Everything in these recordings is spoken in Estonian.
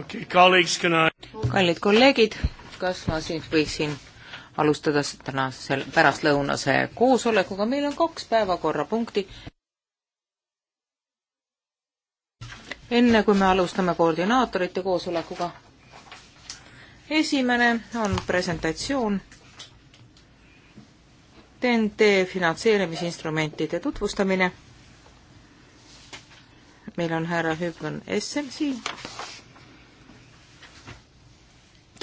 okay,. I... kallid kolleegid, kas ma siis võiksin alustada tänase pärastlõunase koosolekuga, meil on kaks päevakorrapunkti. enne kui me alustame koordinaatorite koosolekuga, esimene on presentatsioon TNT finantseerimisinstrumentide tutvustamine. meil on härra Hübner Essen siin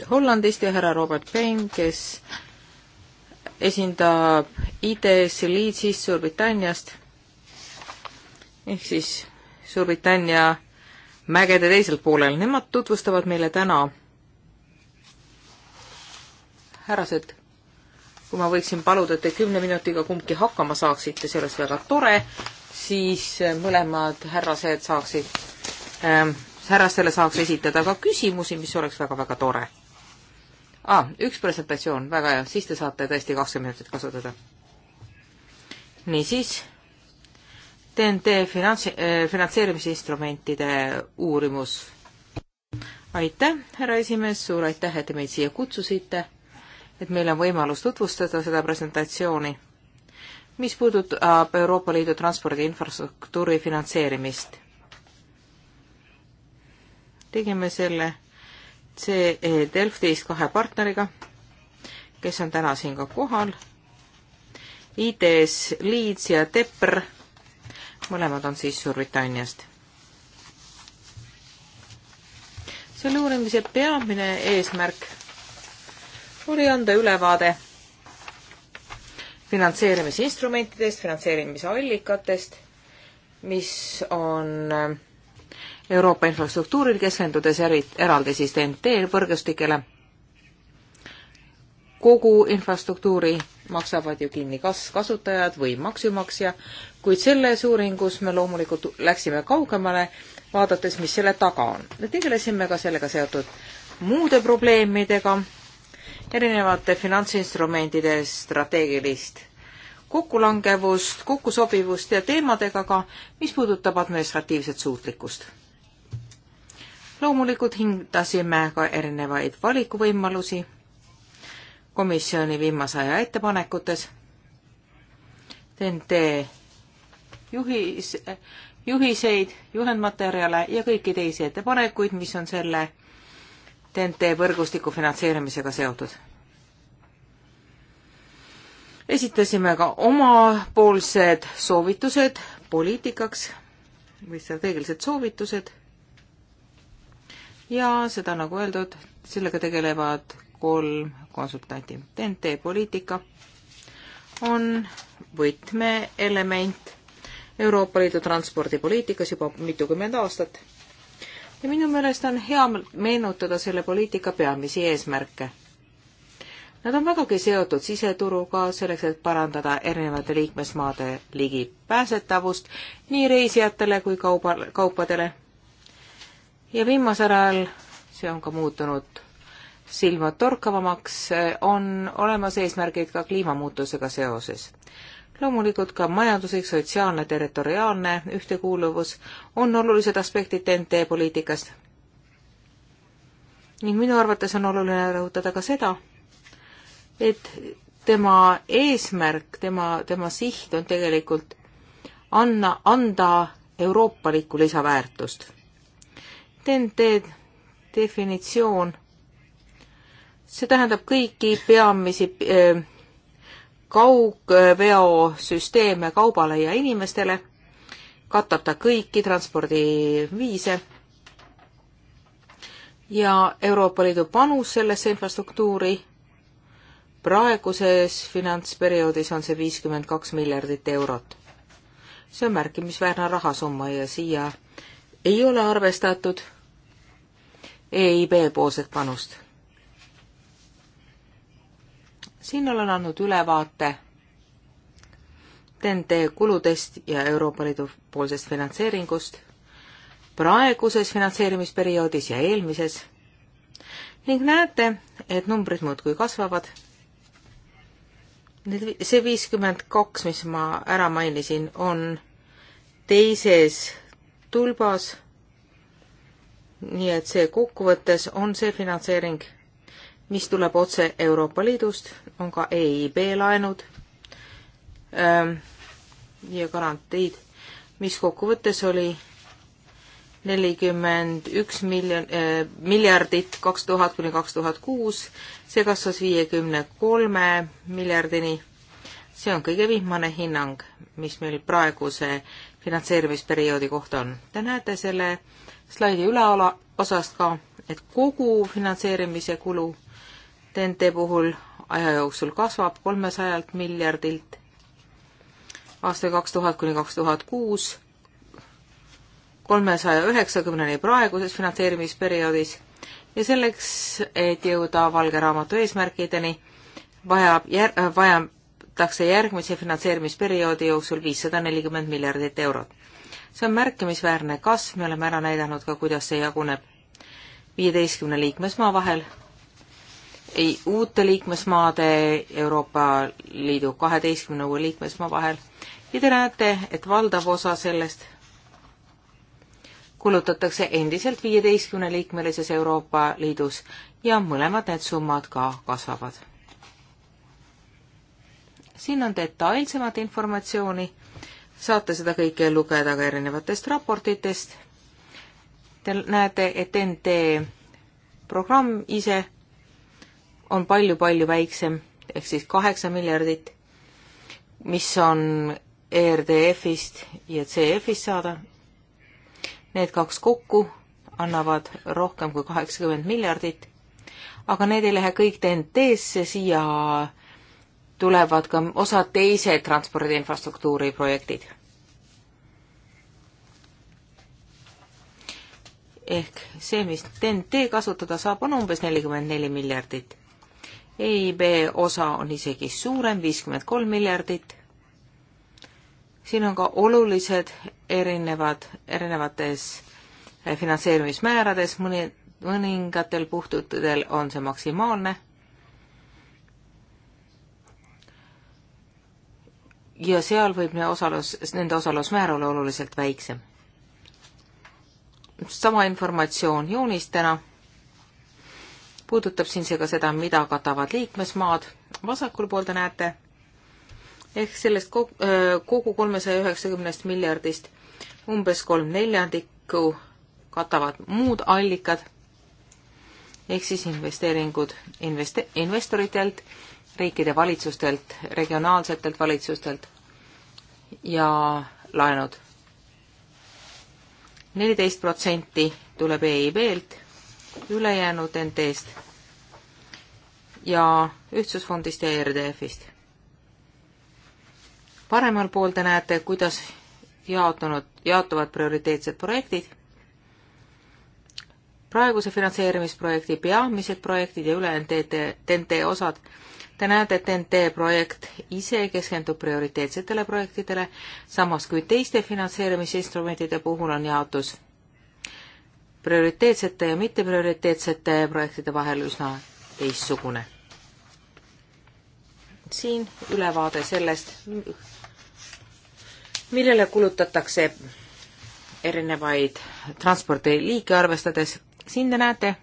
Hollandist ja härra Robert Payne, kes esindab IDS-i Leedsist Suurbritanniast ehk siis Suurbritannia mägede teisel poolel. Nemad tutvustavad meile täna härrased, kui ma võiksin paluda, et te kümne minutiga kumbki hakkama saaksite, see oleks väga tore, siis mõlemad härrased saaksid ähm,, härrastele saaks esitada ka küsimusi, mis oleks väga-väga tore ah,, üks presentatsioon, väga hea, siis te saate tõesti kakskümmend minutit kasutada. niisiis, TNT finants- eh,, finantseerimisinstrumentide uurimus. aitäh, härra esimees, suur aitäh, et te meid siia kutsusite, et meil on võimalus tutvustada seda presentatsiooni, mis puudutab Euroopa Liidu transpordi infrastruktuuri finantseerimist. tegime selle see Delftis kahe partneriga, kes on täna siin ka kohal. IDS Leeds ja Tepr, mõlemad on siis Suurbritanniast. selle uurimise peamine eesmärk oli anda ülevaade finantseerimisinstrumentidest, finantseerimisallikatest, mis on Euroopa infrastruktuuril, keskendudes eri, eraldi siis TNT võrgustikele. kogu infrastruktuuri maksavad ju kinni kas kasutajad või maksumaksja, kuid selles uuringus me loomulikult läksime kaugemale, vaadates, mis selle taga on. me tegelesime ka sellega seotud muude probleemidega, erinevate finantsinstrumentide strateegilist kokkulangevust, kokkusobivust ja teemadega ka, mis puudutab administratiivset suutlikkust loomulikult hindasime ka erinevaid valikuvõimalusi komisjoni viimase aja ettepanekutes. TNT juhis, juhiseid, juhendmaterjale ja kõiki teisi ettepanekuid, mis on selle TNT võrgustiku finantseerimisega seotud. esitasime ka omapoolsed soovitused poliitikaks või strateegilised soovitused ja seda, nagu öeldud, sellega tegelevad kolm konsultanti. TNT poliitika on võtmeelement Euroopa Liidu transpordipoliitikas juba mitukümmend aastat. ja minu meelest on hea meenutada selle poliitika peamisi eesmärke. Nad on vägagi seotud siseturuga selleks, et parandada erinevate liikmesmaade ligipääsetavust nii reisijatele kui kauba, kaupadele ja viimasel ajal, see on ka muutunud silmatorkavamaks, on olemas eesmärgid ka kliimamuutusega seoses loomulikult ka majanduslik, sotsiaalne, territoriaalne ühtekuuluvus on olulised aspektid TNT poliitikast. ning minu arvates on oluline rõhutada ka seda, et tema eesmärk, tema, tema siht on tegelikult anna, anda euroopalikku lisaväärtust. TNT definitsioon, see tähendab kõiki peamisi äh, kaugveosüsteeme kaubale ja inimestele, katab ta kõiki transpordiviise ja Euroopa Liidu panus sellesse infrastruktuuri praeguses finantsperioodis on see viiskümmend kaks miljardit eurot. see on märkimisväärne rahasumma ja siia ei ole arvestatud EIB poolset panust. siin olen andnud ülevaate TNT kuludest ja Euroopa Liidu poolsest finantseeringust praeguses finantseerimisperioodis ja eelmises ning näete, et numbrid muudkui kasvavad. Need, see viiskümmend kaks, mis ma ära mainisin, on teises tulbas nii et see kokkuvõttes on see finantseering, mis tuleb otse Euroopa Liidust, on ka EIB laenud ähm, ja garantiid, mis kokkuvõttes oli nelikümmend üks miljon eh,, miljardit kaks tuhat kuni kaks tuhat kuus, see kasvas viiekümne kolme miljardini. see on kõige vihmane hinnang, mis meil praeguse finantseerimisperioodi kohta on. Te näete selle slaidi üleala osast ka, et kogu finantseerimise kulu TNT puhul aja jooksul kasvab kolmesajalt miljardilt aastal kaks tuhat kuni kaks tuhat kuus kolmesaja üheksakümneni praeguses finantseerimisperioodis ja selleks, et jõuda valge raamatu eesmärkideni, vajab jär-, vajatakse järgmise finantseerimisperioodi jooksul viissada nelikümmend miljardit eurot see on märkimisväärne kasv, me oleme ära näidanud ka, kuidas see jaguneb viieteistkümne liikmesmaa vahel, ei uute liikmesmaade, Euroopa Liidu kaheteistkümne uue liikmesmaa vahel ja te näete, et valdav osa sellest kulutatakse endiselt viieteistkümne liikmelises Euroopa Liidus ja mõlemad need summad ka kasvavad. siin on detailsemat informatsiooni saate seda kõike lugeda ka erinevatest raportitest. Te näete, et NT programm ise on palju-palju väiksem, ehk siis kaheksa miljardit, mis on ERDF-ist ja CF-ist saada. Need kaks kokku annavad rohkem kui kaheksakümmend miljardit, aga need ei lähe kõik TNT-sse siia äh, tulevad ka osad teised transpordi infrastruktuuri projektid. ehk see, mis TNT kasutada saab, on umbes nelikümmend neli miljardit. EIB osa on isegi suurem, viiskümmend kolm miljardit. siin on ka olulised erinevad, erinevates eh, finantseerimismäärades, mõni, mõningatel puhtutudel on see maksimaalne ja seal võib ne osalus, nende osalusmäär olla oluliselt väiksem. sama informatsioon joonistena puudutab siin seega seda, mida katavad liikmesmaad. vasakul pool te näete ehk sellest kogu kolmesaja üheksakümnest miljardist umbes kolm neljandikku katavad muud allikad ehk siis investeeringud investe-, investoritelt riikide valitsustelt, regionaalsetelt valitsustelt ja laenud. neliteist protsenti tuleb EIB-lt, ülejäänud NT-st ja Ühtsusfondist ja ERDF-ist. paremal pool te näete, kuidas jaotunud, jaotuvad prioriteetsed projektid praeguse finantseerimisprojekti peamised projektid ja ülejäänud TNT osad Te näete, et NT projekt ise keskendub prioriteetsetele projektidele, samas kui teiste finantseerimisinstrumentide puhul on jaotus prioriteetsete ja mitteprioriteetsete projektide vahel üsna teistsugune. siin ülevaade sellest, millele kulutatakse erinevaid transpordiliike arvestades. siin te näete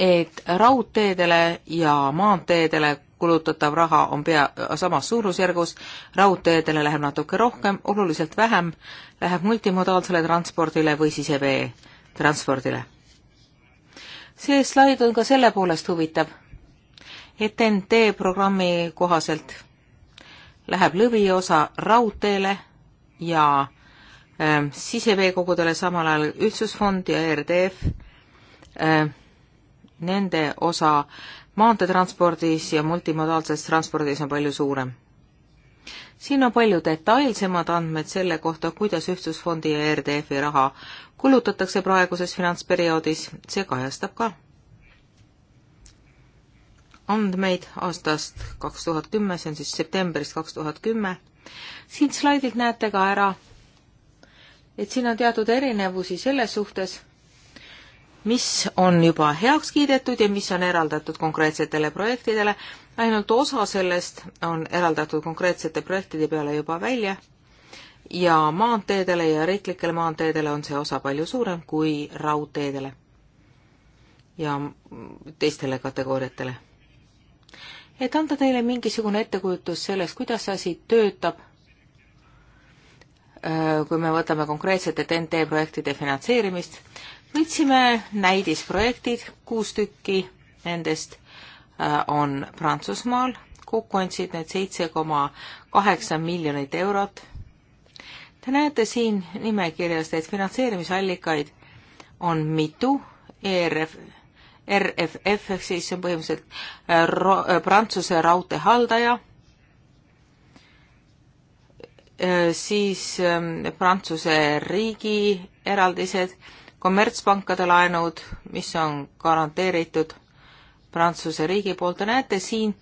et raudteedele ja maanteedele kulutatav raha on pea samas suurusjärgus, raudteedele läheb natuke rohkem, oluliselt vähem läheb multimodaalsele transpordile või siseveetranspordile. see slaid on ka selle poolest huvitav, et NT programmi kohaselt läheb lõviosa raudteele ja äh, siseveekogudele, samal ajal Ühtsusfond ja RDF äh, nende osa maanteetranspordis ja multimodaalses transpordis on palju suurem. siin on palju detailsemad andmed selle kohta, kuidas Ühtsusfondi ja RDF-i raha kulutatakse praeguses finantsperioodis, see kajastab ka andmeid aastast kaks tuhat kümme, see on siis septembrist kaks tuhat kümme. siit slaidilt näete ka ära, et siin on teatud erinevusi selles suhtes mis on juba heaks kiidetud ja mis on eraldatud konkreetsetele projektidele. ainult osa sellest on eraldatud konkreetsete projektide peale juba välja ja maanteedele ja riiklikele maanteedele on see osa palju suurem kui raudteedele ja teistele kategooriatele. et anda teile mingisugune ettekujutus sellest, kuidas see asi töötab äh, kui me võtame konkreetsete TNT projektide finantseerimist, võtsime näidisprojektid, kuus tükki nendest äh, on Prantsusmaal, kokku andsid need seitse koma kaheksa miljonit eurot. Te näete siin nimekirjas, et finantseerimisallikaid on mitu, ERF, RFF ehk siis see on põhimõtteliselt äh, ro-, äh, Prantsuse raudtee haldaja, siis ähm, Prantsuse riigi eraldised kommertspankade laenud, mis on garanteeritud Prantsuse riigi poolt ja näete siin,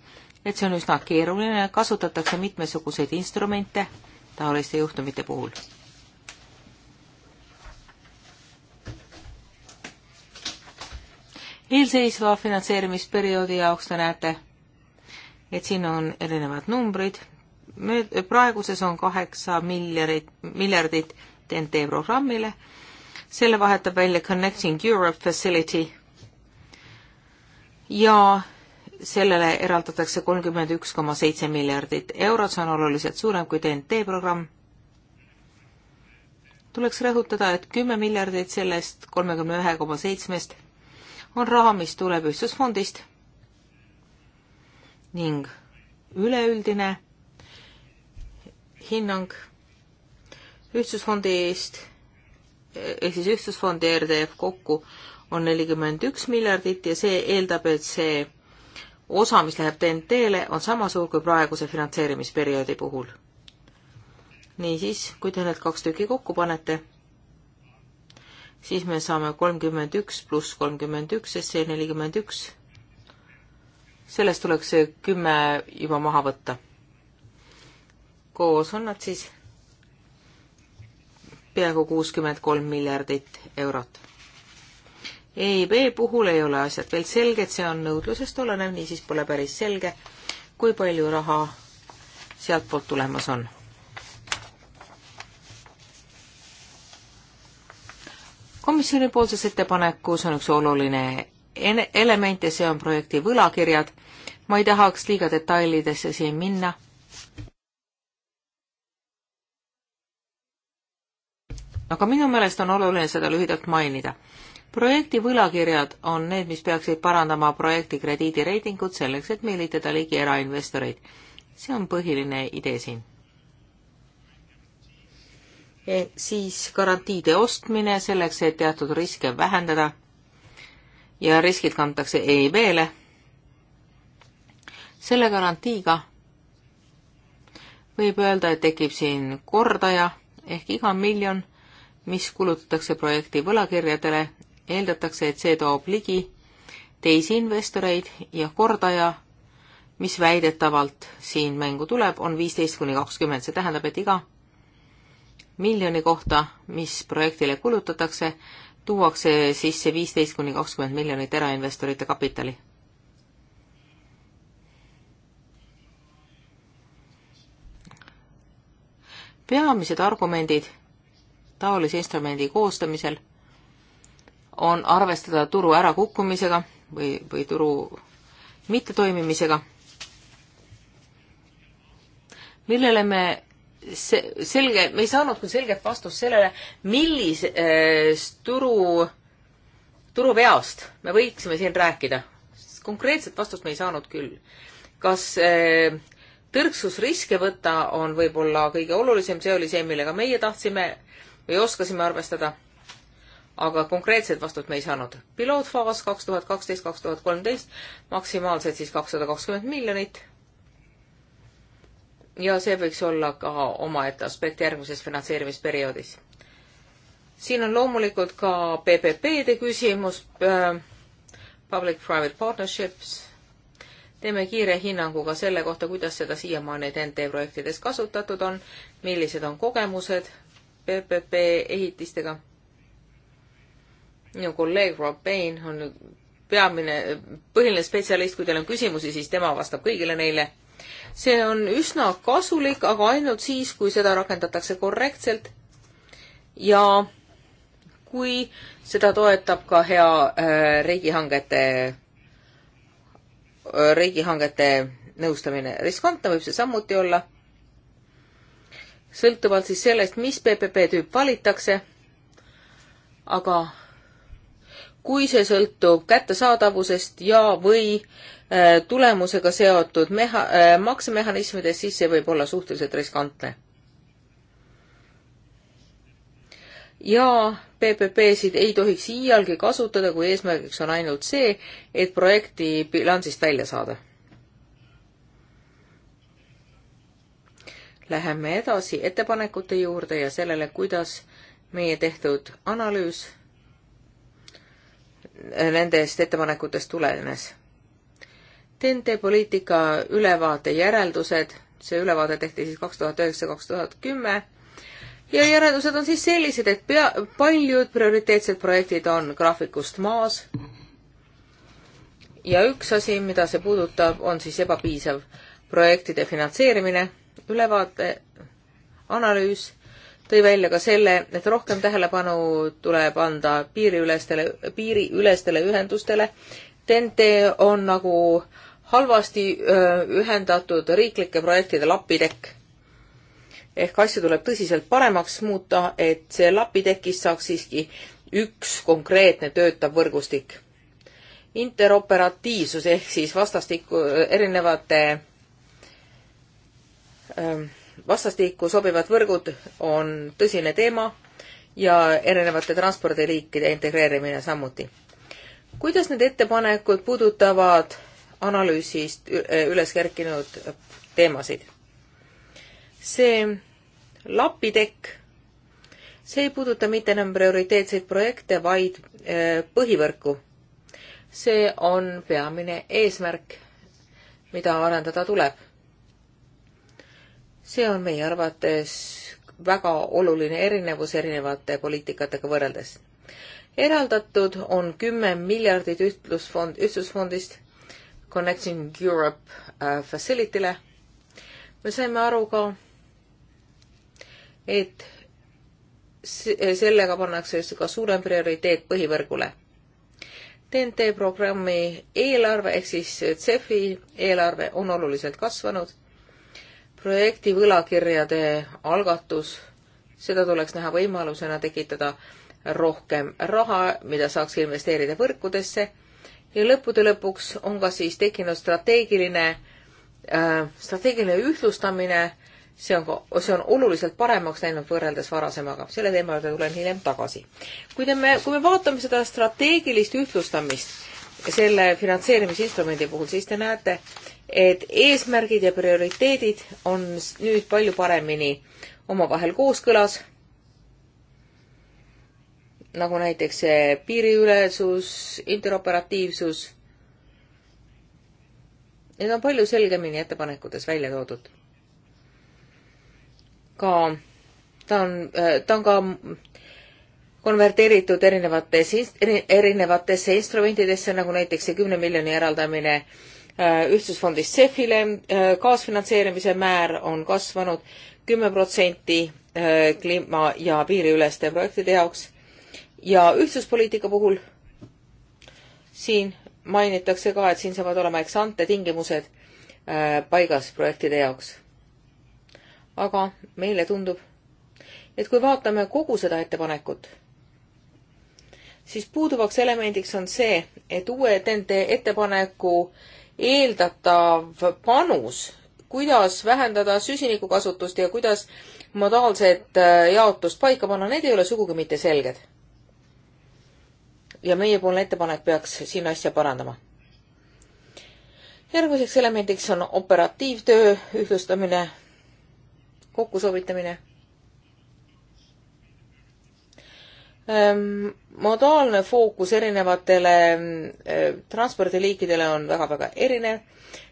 et see on üsna keeruline, kasutatakse mitmesuguseid instrumente taoliste juhtumite puhul. eelseisva finantseerimisperioodi jaoks te näete, et siin on erinevad numbrid, praeguses on kaheksa miljardit, miljardit TNT programmile selle vahetab välja Connecting Europe Facility ja sellele eraldatakse kolmkümmend üks koma seitse miljardit eurot, see on oluliselt suurem kui TNT programm. tuleks rõhutada, et kümme miljardit sellest kolmekümne ühe koma seitsmest on raha, mis tuleb ühtsusfondist ning üleüldine hinnang ühtsusfondist ehk siis Ühtsusfond ja RDF kokku on nelikümmend üks miljardit ja see eeldab, et see osa, mis läheb TNT-le, on sama suur kui praeguse finantseerimisperioodi puhul. niisiis, kui te need kaks tükki kokku panete, siis me saame kolmkümmend üks pluss kolmkümmend üks, sest see nelikümmend üks, sellest tuleks see kümme juba maha võtta. koos on nad siis peaaegu kuuskümmend kolm miljardit eurot. EIB puhul ei ole asjad veel selged, see on nõudlusest olenev, niisiis pole päris selge, kui palju raha sealtpoolt tulemas on. komisjonipoolses ettepanekus on üks oluline element ja see on projekti võlakirjad. ma ei tahaks liiga detailidesse siin minna aga minu meelest on oluline seda lühidalt mainida. projekti võlakirjad on need, mis peaksid parandama projekti krediidireitingut selleks, et meelitada ligi erainvestoreid. see on põhiline idee siin. E siis garantiide ostmine selleks, et teatud riske vähendada ja riskid kantakse EIB-le. selle garantiiga võib öelda, et tekib siin kordaja ehk iga miljon mis kulutatakse projekti võlakirjadele, eeldatakse, et see toob ligi teisi investoreid ja kordaja, mis väidetavalt siin mängu tuleb, on viisteist kuni kakskümmend, see tähendab, et iga miljoni kohta, mis projektile kulutatakse, tuuakse sisse viisteist kuni kakskümmend miljonit erainvestorite kapitali. peamised argumendid taolise instrumendi koostamisel on arvestada turu ärakukkumisega või, või turu mittetoimimisega, millele me see, selge, me ei saanud küll selget vastust sellele, millisest turu, turuveost me võiksime siin rääkida. konkreetset vastust me ei saanud küll. kas eh, tõrksus riske võtta on võib-olla kõige olulisem, see oli see, millega meie tahtsime või oskasime arvestada, aga konkreetset vastut me ei saanud. pilootfaas kaks tuhat kaksteist, kaks tuhat kolmteist, maksimaalselt siis kakssada kakskümmend miljonit. ja see võiks olla ka omaette aspekt järgmises finantseerimisperioodis. siin on loomulikult ka PPP-de küsimus äh,, public-private partnerships teeme kiire hinnangu ka selle kohta, kuidas seda siiamaani TNT projektides kasutatud on, millised on kogemused PPP ehitistega. minu kolleeg Rob Payne on peamine, põhiline spetsialist, kui teil on küsimusi, siis tema vastab kõigile neile. see on üsna kasulik, aga ainult siis, kui seda rakendatakse korrektselt ja kui seda toetab ka hea äh, riigihangete äh,, riigihangete nõustamine. riskantne võib see samuti olla sõltuvalt siis sellest, mis PPP tüüp valitakse, aga kui see sõltub kättesaadavusest ja või äh, tulemusega seotud meha-, äh, maksemehhanismidest, siis see võib olla suhteliselt riskantne. ja PPP-sid ei tohiks iialgi kasutada, kui eesmärgiks on ainult see, et projekti bilansist välja saada läheme edasi ettepanekute juurde ja sellele, kuidas meie tehtud analüüs nendest ettepanekutest tulenes. TNT poliitika ülevaate järeldused, see ülevaade tehti siis kaks tuhat üheksa, kaks tuhat kümme, ja järeldused on siis sellised, et pea, paljud prioriteetsed projektid on graafikust maas ja üks asi, mida see puudutab, on siis ebapiisav projektide finantseerimine ülevaate analüüs tõi välja ka selle, et rohkem tähelepanu tuleb anda piiriülestele, piiriülestele ühendustele. TNT on nagu halvasti ühendatud riiklike projektide lapitekk. ehk asju tuleb tõsiselt paremaks muuta, et see lapitekist saaks siiski üks konkreetne töötav võrgustik. interoperatiivsus ehk siis vastastikku erinevate Ähm, vastastikku sobivad võrgud on tõsine teema ja erinevate transpordiliikide integreerimine samuti. kuidas need ettepanekud puudutavad analüüsist äh, üles kerkinud teemasid? see lapitekk, see ei puuduta mitte enam prioriteetseid projekte, vaid äh, põhivõrku. see on peamine eesmärk, mida arendada tuleb see on meie arvates väga oluline erinevus erinevate poliitikatega võrreldes. eraldatud on kümme miljardit ühtlusfond, ühtlusfondist Connecting Europe äh, Facility'le. me saime aru ka, et sellega pannakse ka suurem prioriteet põhivõrgule. TNT programmi eelarve ehk siis CEF-i eelarve on oluliselt kasvanud projekti võlakirjade algatus, seda tuleks näha võimalusena tekitada rohkem raha, mida saaks investeerida võrkudesse ja lõppude lõpuks on ka siis tekkinud strateegiline äh,, strateegiline ühtlustamine, see on ka, see on oluliselt paremaks läinud võrreldes varasemaga. selle teema juurde tulen hiljem tagasi. kui te me, kui me vaatame seda strateegilist ühtlustamist selle finantseerimisinstrumendi puhul, siis te näete, et eesmärgid ja prioriteedid on nüüd palju paremini omavahel kooskõlas, nagu näiteks piiriülesus, interoperatiivsus. Need on palju selgemini ettepanekutes välja toodud. ka ta on, äh, ta on ka konverteeritud erinevates, erinevatesse instrumentidesse, nagu näiteks see kümne miljoni eraldamine äh, Äh, ühtsusfondist CEF-ile, äh, kaasfinantseerimise määr on kasvanud kümme protsenti äh, kliima- ja piiriüleste projektide jaoks ja ühtsuspoliitika puhul siin mainitakse ka, et siin saavad olema eksante tingimused paigas projektide jaoks. aga meile tundub, et kui vaatame kogu seda ettepanekut, siis puuduvaks elemendiks on see, et uue TNT ettepaneku äh, eeldatav panus, kuidas vähendada süsinikukasutust ja kuidas modaalset äh, jaotust paika panna, need ei ole sugugi mitte selged. ja meiepoolne ettepanek peaks siin asja parandama. järgmiseks elemendiks on operatiivtöö ühtlustamine, kokkusobitamine Ehm, modaalne fookus erinevatele ehm, transpordiliikidele on väga-väga erinev.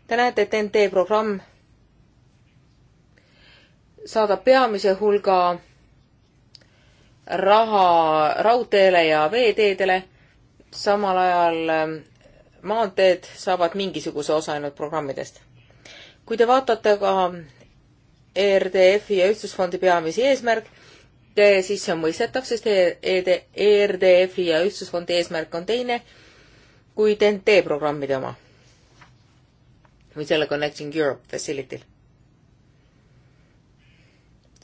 Te näete, et NT programm saadab peamise hulga raha raudteele ja veeteedele, samal ajal ehm, maanteed saavad mingisuguse osa ainult programmidest. kui te vaatate ka ERDF-i ja Ühtsusfondi peamisi eesmärke, sisse on mõistetav, sest ED, e ERDF-i ja Ühtsusfondi eesmärk on teine kui TNT programmide oma või selle Connecting Europe Facility'l.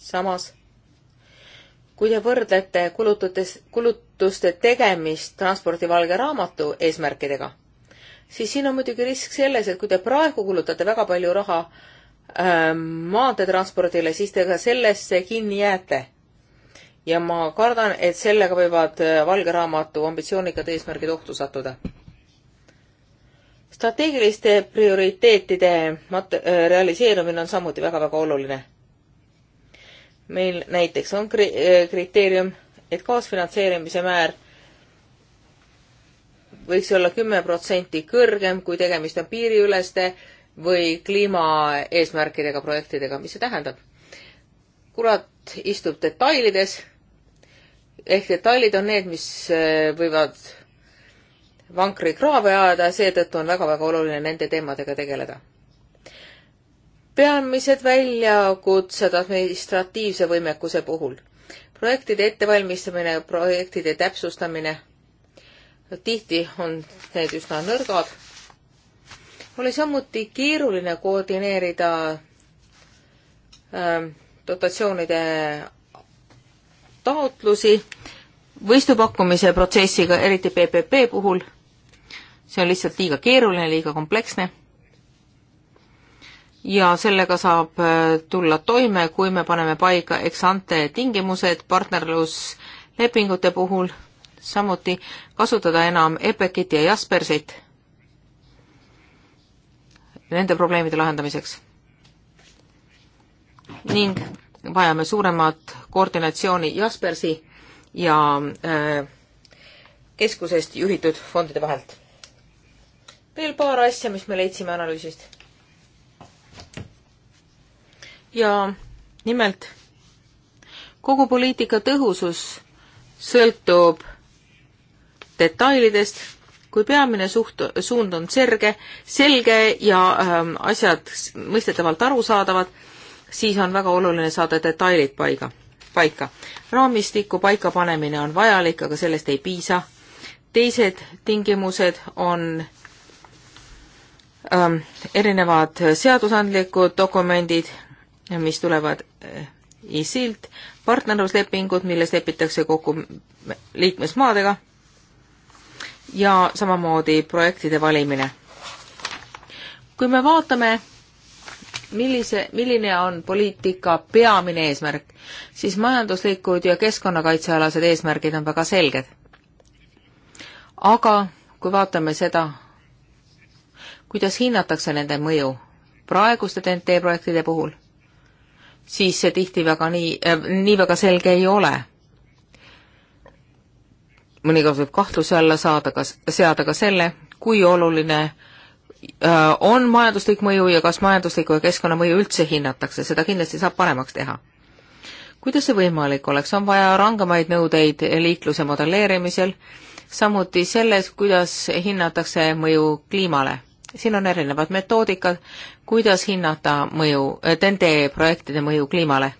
samas, kui te võrdlete kulututes, kulutuste tegemist transpordivalge raamatu eesmärkidega, siis siin on muidugi risk selles, et kui te praegu kulutate väga palju raha äh, maanteetranspordile, siis te ka sellesse kinni jääte ja ma kardan, et sellega võivad äh, Valge Raamatu ambitsioonikad eesmärgid ohtu sattuda. strateegiliste prioriteetide mat-, äh, realiseerumine on samuti väga-väga oluline. meil näiteks on kri-, äh, kriteerium, et kaasfinantseerimise määr võiks olla kümme protsenti kõrgem, kui tegemist on piiriüleste või kliimaeesmärkidega projektidega, mis see tähendab? kurat istub detailides ehk detailid on need, mis äh, võivad vankri kraave ajada, seetõttu on väga-väga oluline nende teemadega tegeleda. peamised väljakutsed administratiivse võimekuse puhul. projektide ettevalmistamine, projektide täpsustamine, tihti on need üsna nõrgad. oli samuti keeruline koordineerida ähm, dotatsioonide taotlusi võistupakkumise protsessiga, eriti PPP puhul. see on lihtsalt liiga keeruline, liiga kompleksne. ja sellega saab äh, tulla toime, kui me paneme paika ex-ante tingimused partnerluslepingute puhul, samuti kasutada enam EPEC-it ja Jaspersit nende probleemide lahendamiseks. ning vajame suuremat koordinatsiooni Jaspersi ja äh, keskusest juhitud fondide vahelt. veel paar asja, mis me leidsime analüüsist. ja nimelt kogu poliitika tõhusus sõltub detailidest, kui peamine suht-, suund on serge, selge ja ähm, asjad mõistetavalt arusaadavad, siis on väga oluline saada detailid paiga, paika. raamistiku paikapanemine on vajalik, aga sellest ei piisa. teised tingimused on ähm, erinevad seadusandlikud dokumendid, mis tulevad äh, ISIL-t, partnerluslepingud, milles lepitakse kokku liikmesmaadega ja samamoodi projektide valimine. kui me vaatame millise, milline on poliitika peamine eesmärk, siis majanduslikud ja keskkonnakaitsealased eesmärgid on väga selged. aga kui vaatame seda, kuidas hinnatakse nende mõju praeguste TNT projektide puhul, siis see tihti väga nii äh,, nii väga selge ei ole. mõnikord võib kahtluse alla saada, kas, seada ka selle, kui oluline äh, Äh, on majanduslik mõju ja kas majanduslikku ja keskkonnamõju üldse hinnatakse, seda kindlasti saab paremaks teha. kuidas see võimalik oleks, on vaja rangemaid nõudeid liikluse modelleerimisel, samuti selles, kuidas hinnatakse mõju kliimale. siin on erinevad metoodikad, kuidas hinnata mõju, TEN-T äh, projektide mõju kliimale.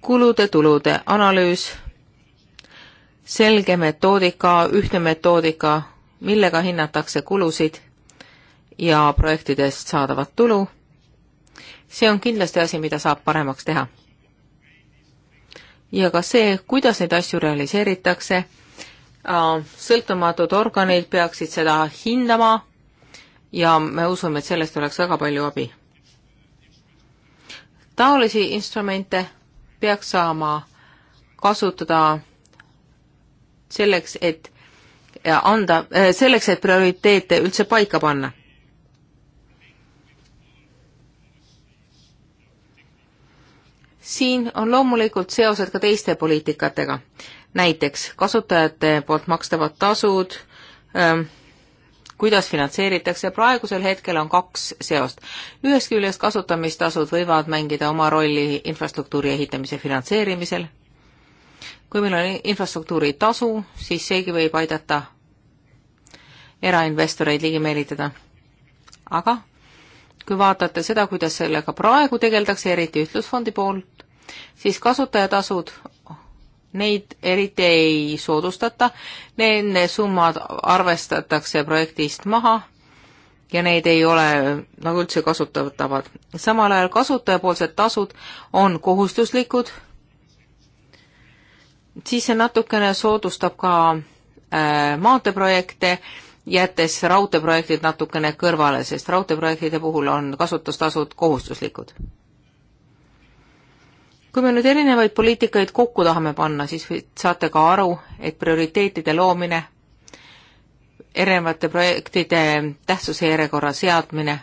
kulude-tulude analüüs, selge metoodika, ühtne metoodika, millega hinnatakse kulusid ja projektidest saadavat tulu. see on kindlasti asi, mida saab paremaks teha. ja ka see, kuidas neid asju realiseeritakse, äh, sõltumatud organid peaksid seda hindama ja me usume, et sellest oleks väga palju abi. taolisi instrumente peaks saama kasutada selleks, et äh, anda, äh, selleks, et prioriteete üldse paika panna siin on loomulikult seosed ka teiste poliitikatega, näiteks kasutajate poolt makstavad tasud, ähm, kuidas finantseeritakse, praegusel hetkel on kaks seost. ühest küljest kasutamistasud võivad mängida oma rolli infrastruktuuri ehitamise finantseerimisel, kui meil on infrastruktuuri tasu, siis seegi võib aidata erainvestoreid ligi meelitada. aga kui vaatate seda, kuidas sellega praegu tegeldakse, eriti Ühtlusfondi poolt, siis kasutajatasud, neid eriti ei soodustata, need summad arvestatakse projektist maha ja neid ei ole nagu üldse kasutatavad. samal ajal kasutajapoolsed tasud on kohustuslikud, siis see natukene soodustab ka äh, maanteeprojekte jättes raudteeprojektid natukene kõrvale, sest raudteeprojektide puhul on kasutustasud kohustuslikud. kui me nüüd erinevaid poliitikaid kokku tahame panna, siis saate ka aru, et prioriteetide loomine, erinevate projektide tähtsuse järjekorra seadmine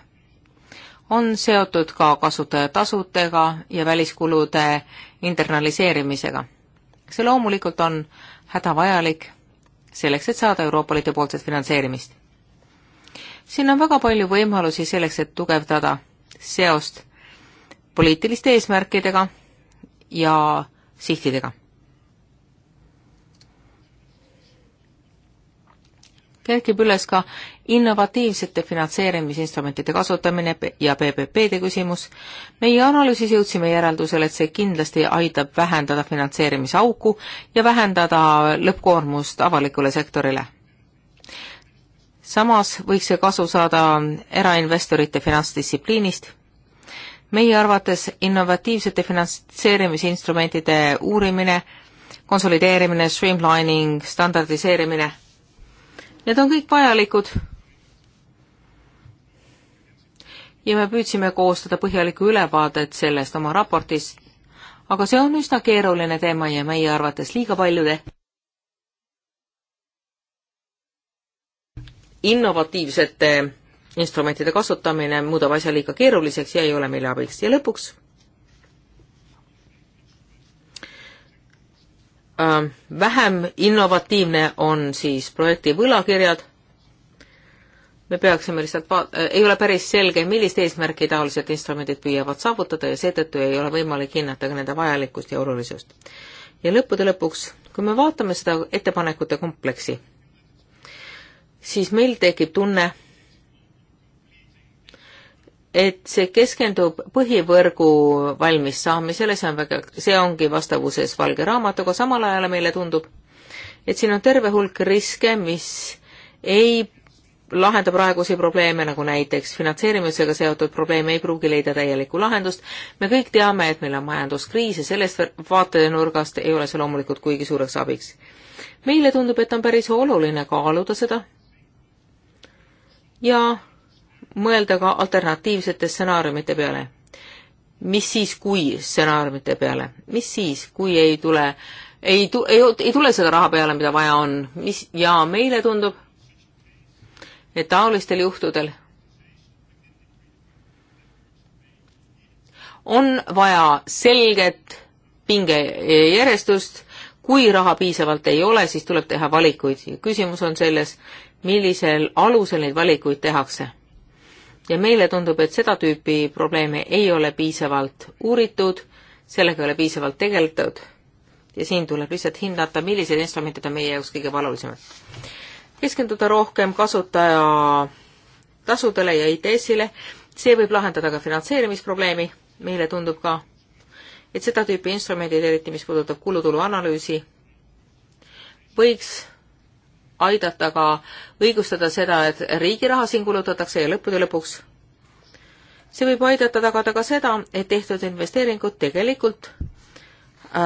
on seotud ka kasutajatasudega ja väliskulude internaliseerimisega. see loomulikult on hädavajalik selleks, et saada Euroopa Liidu poolset finantseerimist. siin on väga palju võimalusi selleks, et tugevdada seost poliitiliste eesmärkidega ja sihtidega kerkib üles ka innovatiivsete finantseerimisinstrumentide kasutamine ja PPP-de küsimus. meie analüüsis jõudsime järeldusele, et see kindlasti aitab vähendada finantseerimisauku ja vähendada lõppkoormust avalikule sektorile. samas võiks see kasu saada erainvestorite finantsdistsipliinist meie arvates innovatiivsete finantseerimisinstrumentide uurimine, konsolideerimine, streamlining, standardiseerimine Need on kõik vajalikud. ja me püüdsime koostada põhjalikku ülevaadet sellest oma raportis, aga see on üsna keeruline teema ja meie arvates liiga paljude innovatiivsete instrumentide kasutamine muudab asja liiga keeruliseks ja ei ole meile abiks. ja lõpuks Ähm, vähem innovatiivne on siis projekti võlakirjad. me peaksime lihtsalt vaat-, äh, ei ole päris selge, millist eesmärki taolised instrumendid püüavad saavutada ja seetõttu ei ole võimalik hinnata ka nende vajalikkust ja olulisust. ja lõppude lõpuks, kui me vaatame seda ettepanekute kompleksi, siis meil tekib tunne, et see keskendub põhivõrgu valmis saamisele, see on väga, see ongi vastavuses valge raamatuga, samal ajal meile tundub, et siin on terve hulk riske, mis ei lahenda praegusi probleeme, nagu näiteks finantseerimisega seotud probleeme ei pruugi leida täielikku lahendust. me kõik teame, et meil on majanduskriis ja sellest vaatenurgast ei ole see loomulikult kuigi suureks abiks. meile tundub, et on päris oluline kaaluda seda ja mõelda ka alternatiivsete stsenaariumite peale. mis siis, kui stsenaariumite peale, mis siis, kui ei tule, ei tu-, ei, ei tule seda raha peale, mida vaja on, mis, ja meile tundub, et taolistel juhtudel on vaja selget pingejärjestust, kui raha piisavalt ei ole, siis tuleb teha valikuid. küsimus on selles, millisel alusel neid valikuid tehakse ja meile tundub, et seda tüüpi probleeme ei ole piisavalt uuritud, sellega ei ole piisavalt tegeldud ja siin tuleb lihtsalt hinnata, millised instrumendid on meie jaoks kõige valulisemad. keskenduda rohkem kasutaja tasudele ja ITS-ile, see võib lahendada ka finantseerimisprobleemi, meile tundub ka, et seda tüüpi instrumendid, eriti mis puudutab kulutulu analüüsi, võiks aidata ka õigustada seda, et riigi raha siin kulutatakse ja lõppude lõpuks see võib aidata tagada ka seda, et tehtud investeeringud tegelikult äh,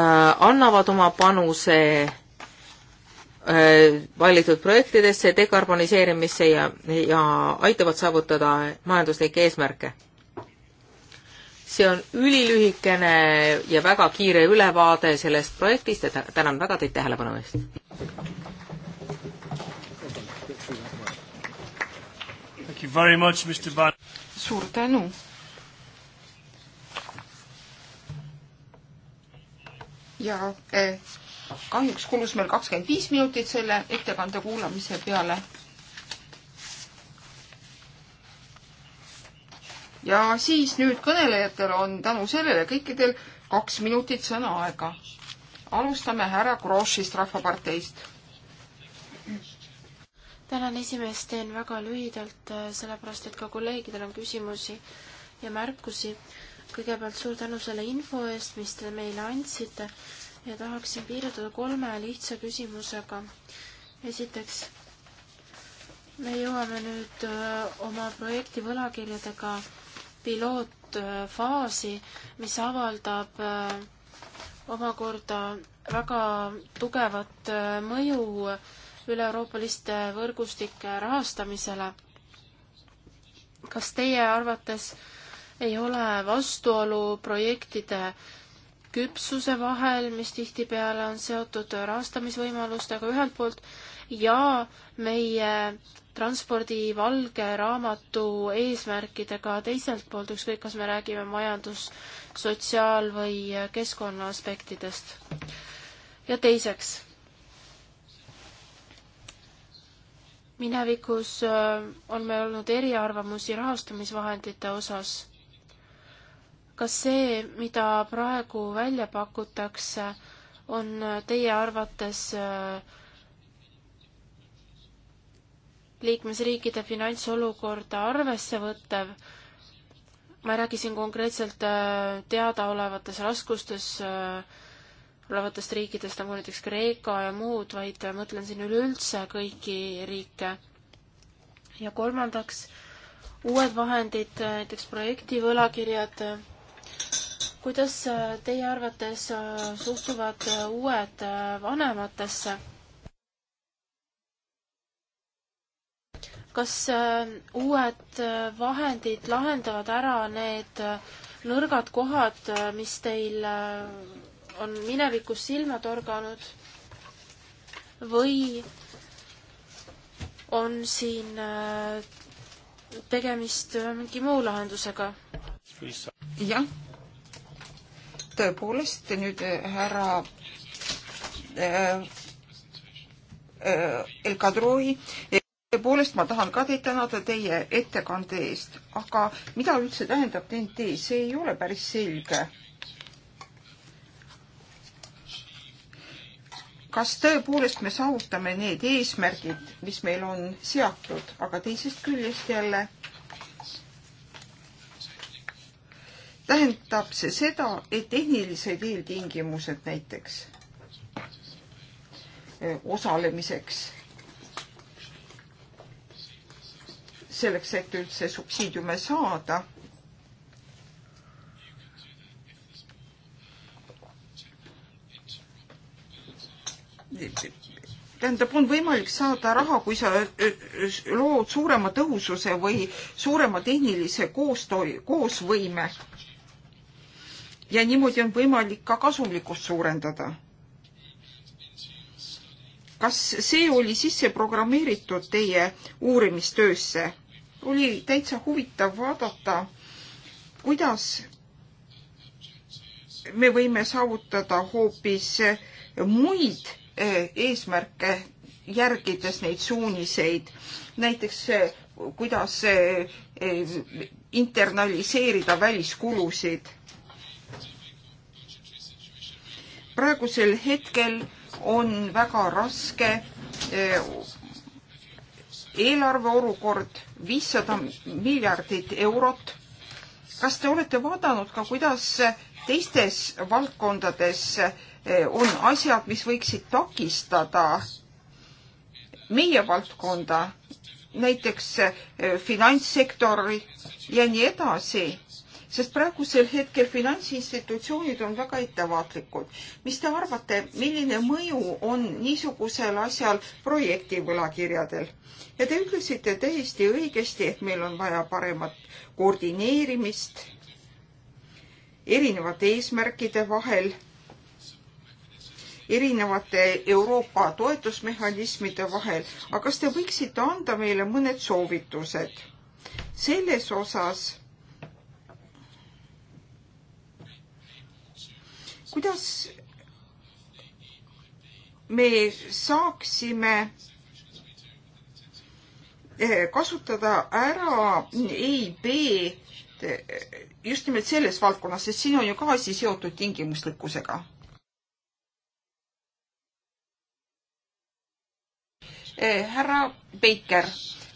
annavad oma panuse äh, valitud projektidesse, dekarboniseerimisse ja, ja aitavad saavutada majanduslikke eesmärke. see on ülilühikene ja väga kiire ülevaade sellest projektist ja tänan väga teid tähelepanu eest! Much, suur tänu. ja eh, kahjuks kulus meil kakskümmend viis minutit selle ettekande kuulamise peale. ja siis nüüd kõnelejatel on tänu sellele kõikidel kaks minutit sõnaaega. alustame härra Grossist Rahvaparteist tänan esimees, teen väga lühidalt, äh, sellepärast et ka kolleegidel on küsimusi ja märkusi. kõigepealt suur tänu selle info eest, mis te meile andsite ja tahaksin piirduda kolme lihtsa küsimusega. esiteks, me jõuame nüüd äh, oma projekti võlakirjadega pilootfaasi, mis avaldab äh, omakorda väga tugevat mõju üle-euroopaliste äh, võrgustike äh, rahastamisele. kas teie arvates ei ole vastuolu projektide küpsuse vahel, mis tihtipeale on seotud äh, rahastamisvõimalustega ühelt poolt ja meie transpordi valge raamatu eesmärkidega teiselt poolt, ükskõik, kas me räägime majandus, sotsiaal- või keskkonna aspektidest. ja teiseks minevikus äh, on meil olnud eriarvamusi rahastamisvahendite osas. kas see, mida praegu välja pakutakse, on äh, teie arvates äh, liikmesriikide finantsolukorda arvesse võttev? ma rääkisin konkreetselt teadaolevates raskustes äh, olevatest riikidest nagu näiteks Kreeka ja muud, vaid mõtlen siin üleüldse kõiki riike. ja kolmandaks, uued vahendid, näiteks projektivõlakirjad. kuidas teie arvates suhtuvad uued vanematesse? kas äh, uued vahendid lahendavad ära need äh, nõrgad kohad, äh, mis teil on minevikus silma torganud või on siin äh, tegemist äh, mingi muu lahendusega? jah, tõepoolest nüüd äh, härra äh, äh, El Kadroi, tõepoolest ma tahan ka teid tänada teie ettekande eest, aga mida üldse tähendab TNT, see ei ole päris selge kas tõepoolest me saavutame need eesmärgid, mis meil on seatud, aga teisest küljest jälle tähendab see seda, et tehnilised eeltingimused näiteks e, osalemiseks, selleks, et üldse subsiidiume saada tähendab, on võimalik saada raha, kui sa lood suurema tõhususe või suurema tehnilise koostoi-, koosvõime. ja niimoodi on võimalik ka kasumlikkust suurendada. kas see oli sisse programmeeritud teie uurimistöösse? oli täitsa huvitav vaadata, kuidas me võime saavutada hoopis muid Eh, eesmärke järgides neid suuniseid, näiteks eh, kuidas eh, internaliseerida väliskulusid. praegusel hetkel on väga raske eelarve olukord viissada miljardit eurot. kas te olete vaadanud ka, kuidas teistes valdkondades äh, Eh, on asjad, mis võiksid takistada meie valdkonda, näiteks eh, finantssektor ja nii edasi, sest praegusel hetkel finantsinstitutsioonid on väga ettevaatlikud. mis te arvate, milline mõju on niisugusel asjal projekti võlakirjadel? ja te ütlesite täiesti õigesti, et meil on vaja paremat koordineerimist erinevate eesmärkide vahel erinevate Euroopa toetusmehhanismide vahel, aga kas te võiksite anda meile mõned soovitused selles osas, kuidas me saaksime eh, kasutada ära EIB eh, just nimelt selles valdkonnas, sest siin on ju ka asi seotud tingimuslikkusega Eh, härra Peiker,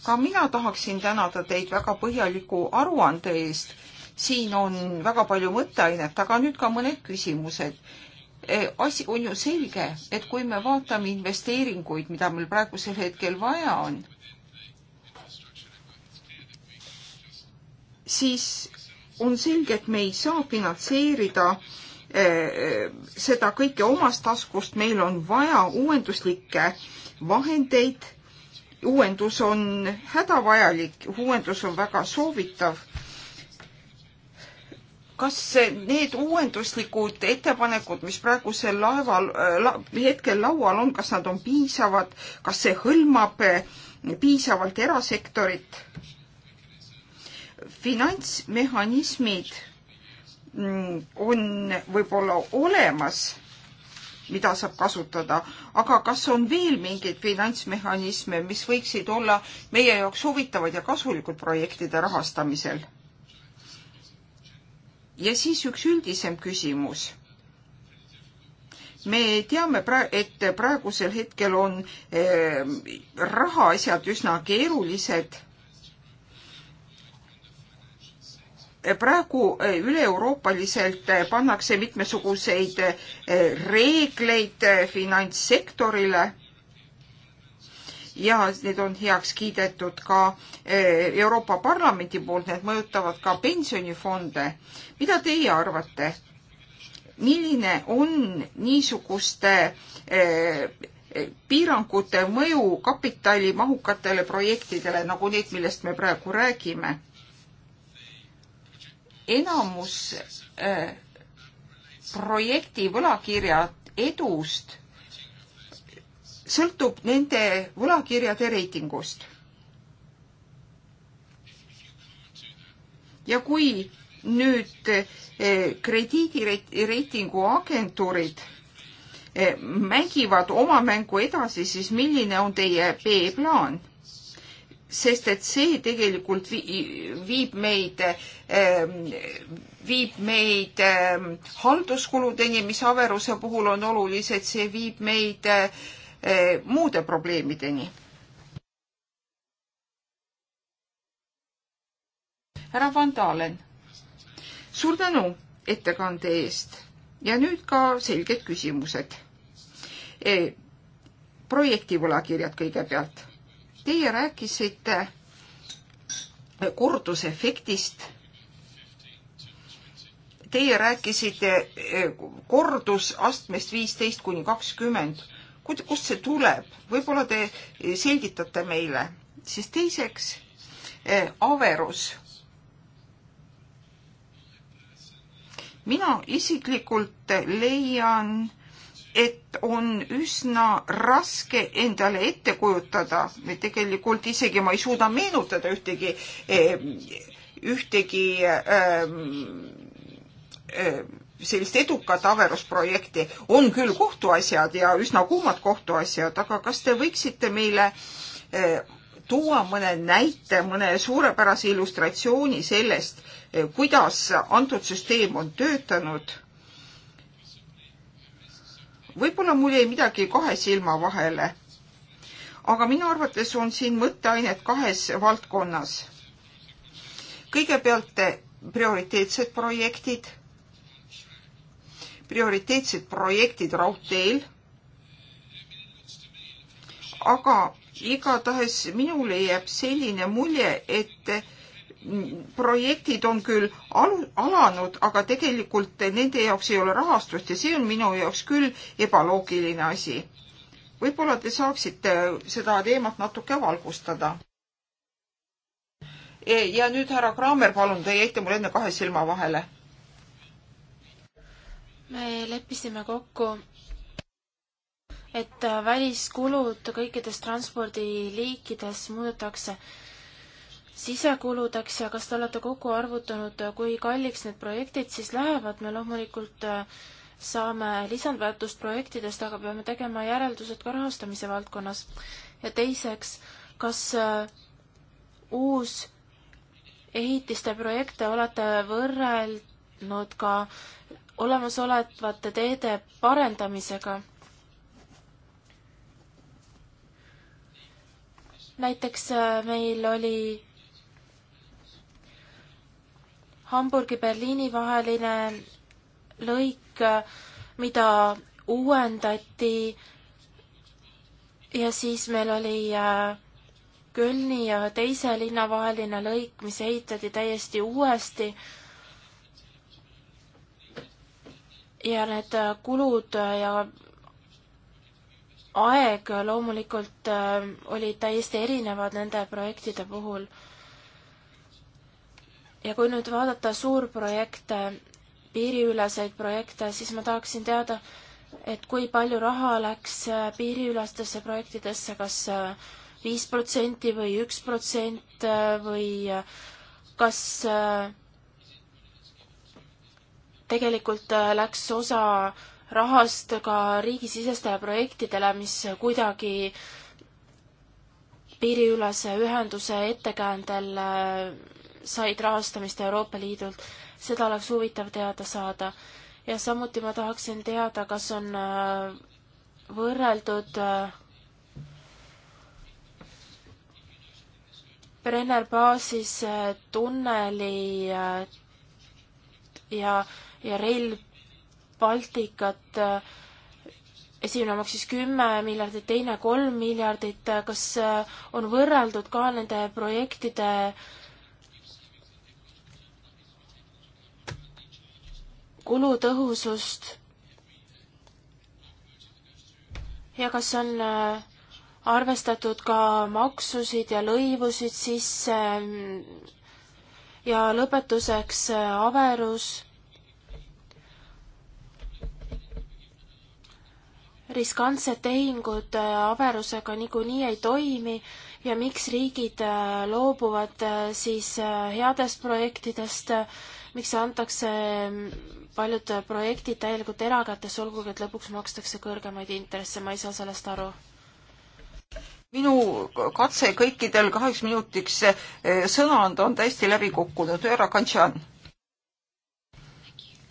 ka mina tahaksin tänada teid väga põhjaliku aruande eest. siin on väga palju mõtteainet, aga nüüd ka mõned küsimused eh, asi on ju selge, et kui me vaatame investeeringuid, mida meil praegusel hetkel vaja on, siis on selge, et me ei saa finantseerida eh, seda kõike omast taskust, meil on vaja uuenduslikke vahendeid. uuendus on hädavajalik, uuendus on väga soovitav. kas need uuenduslikud ettepanekud, mis praegusel laeval la,, hetkel laual on, kas nad on piisavad, kas see hõlmab eh, piisavalt erasektorit? finantsmehhanismid mm, on võib-olla olemas mida saab kasutada. aga kas on veel mingeid finantsmehhanisme, mis võiksid olla meie jaoks huvitavad ja kasulikud projektide rahastamisel? ja siis üks üldisem küsimus me teame, et praegusel hetkel on eh, rahaasjad üsna keerulised praegu eh, üle-euroopaliselt eh, pannakse mitmesuguseid eh, reegleid finantssektorile ja need on heaks kiidetud ka Euroopa Parlamendi poolt, need mõjutavad ka pensionifonde. mida teie arvate, milline on niisuguste piirangute mõju kapitalimahukatele projektidele nagu need, millest me praegu räägime? enamus äh, projekti võlakirjad edust sõltub nende võlakirjade reitingust. ja kui nüüd äh, krediidireitingu agentuurid äh, mängivad oma mängu edasi, siis milline on teie B-plaan? sest et see tegelikult viib meid, ähm, viib meid ähm, halduskuludeni, mis Averuse puhul on olulised, see viib meid äh, muude probleemideni. härra Van Dalen, suur tänu ettekande eest ja nüüd ka selged küsimused. Äh, projekti võlakirjad kõigepealt Teie rääkisite kordusefektist. Teie rääkisite eh, kordusastmest viisteist kuni kakskümmend. kust see tuleb? võib-olla te eh, selgitate meile. siis teiseks, eh, averus. mina isiklikult leian et on üsna raske endale ette kujutada, tegelikult isegi ma ei suuda meenutada ühtegi, eh, ühtegi ehm, eh, sellist edukat averusprojekti. on küll kohtuasjad ja üsna kuumad kohtuasjad, aga kas te võiksite meile eh, tuua mõne näite, mõne suurepärase illustratsiooni sellest, kuidas antud süsteem on töötanud võib-olla mul jäi midagi kahe silma vahele. aga minu arvates on siin mõtteainet kahes valdkonnas. kõigepealt prioriteetsed projektid, prioriteetsed projektid raudteel. aga igatahes minule jääb selline mulje, et projektid on küll alu, alanud, aga tegelikult nende jaoks ei ole rahastust ja see on minu jaoks küll ebaloogiline asi. võib-olla te saaksite seda teemat natuke valgustada. E, ja nüüd härra Kraamer, palun, te jäite mul enne kahe silma vahele. me leppisime kokku et väliskulud kõikides transpordiliikides muudetakse sisekuludeks ja kas te olete kokku arvutanud, kui kalliks need projektid siis lähevad, me loomulikult äh, saame lisandväärtust projektidest, aga peame tegema järeldused ka rahastamise valdkonnas. ja teiseks, kas äh, uus ehitiste projekte olete võrrelnud ka olemasolevate teede parendamisega? näiteks äh, meil oli Hamburgi-Berliini vaheline lõik, mida uuendati ja siis meil oli äh, Kölni ja teise linna vaheline lõik, mis ehitati täiesti uuesti. ja need äh, kulud äh, ja aeg loomulikult olid täiesti erinevad nende projektide puhul ja kui nüüd vaadata suurprojekte, piiriüleseid projekte, siis ma tahaksin teada, et kui palju raha läks äh, piiriülestesse projektidesse kas, kas äh, viis protsenti või üks protsent äh, või kas tegelikult läks osa rahast ka riigisisestele projektidele, mis kuidagi piiriülese ühenduse ettekäändel said rahastamist Euroopa Liidult. seda oleks huvitav teada saada. ja samuti ma tahaksin teada, kas on äh, võrreldud äh, Brenner baasis äh, tunneli ja, ja Rail Balticat esimene maksis kümme miljardit, teine kolm miljardit, kas on võrreldud ka nende projektide äh, kulutõhusust ja kas on äh, arvestatud ka maksusid ja lõivusid sisse mm, ja lõpetuseks äh, averus, riskantsed tehingud äh, averusega niikuinii ei toimi ja miks riigid loobuvad siis headest projektidest miks antakse paljud projektid täielikult erakätes, olgugi et lõpuks makstakse kõrgemaid intresse, ma ei saa sellest aru minu katse kõikidel kaheks minutiks eh, sõna anda on täiesti läbi kukkunud. härra Kantšan.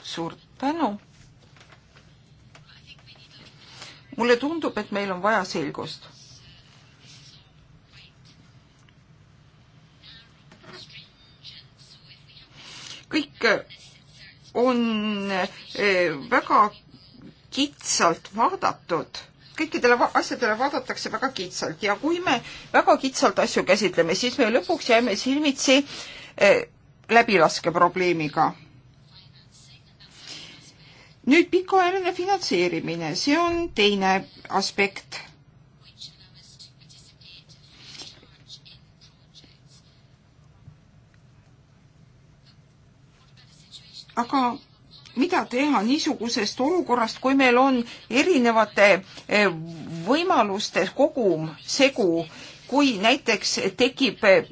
suur tänu. mulle tundub, et meil on vaja selgust. kõik on eh, väga kitsalt vaadatud, kõikidele asjadele vaadatakse väga kitsalt ja kui me väga kitsalt asju käsitleme, siis me lõpuks jääme silmitsi eh, läbilaske probleemiga. nüüd pikaajaline finantseerimine, see on teine aspekt aga mida teha niisugusest olukorrast, kui meil on erinevate eh, võimaluste kogum, segu, kui näiteks tekib eh,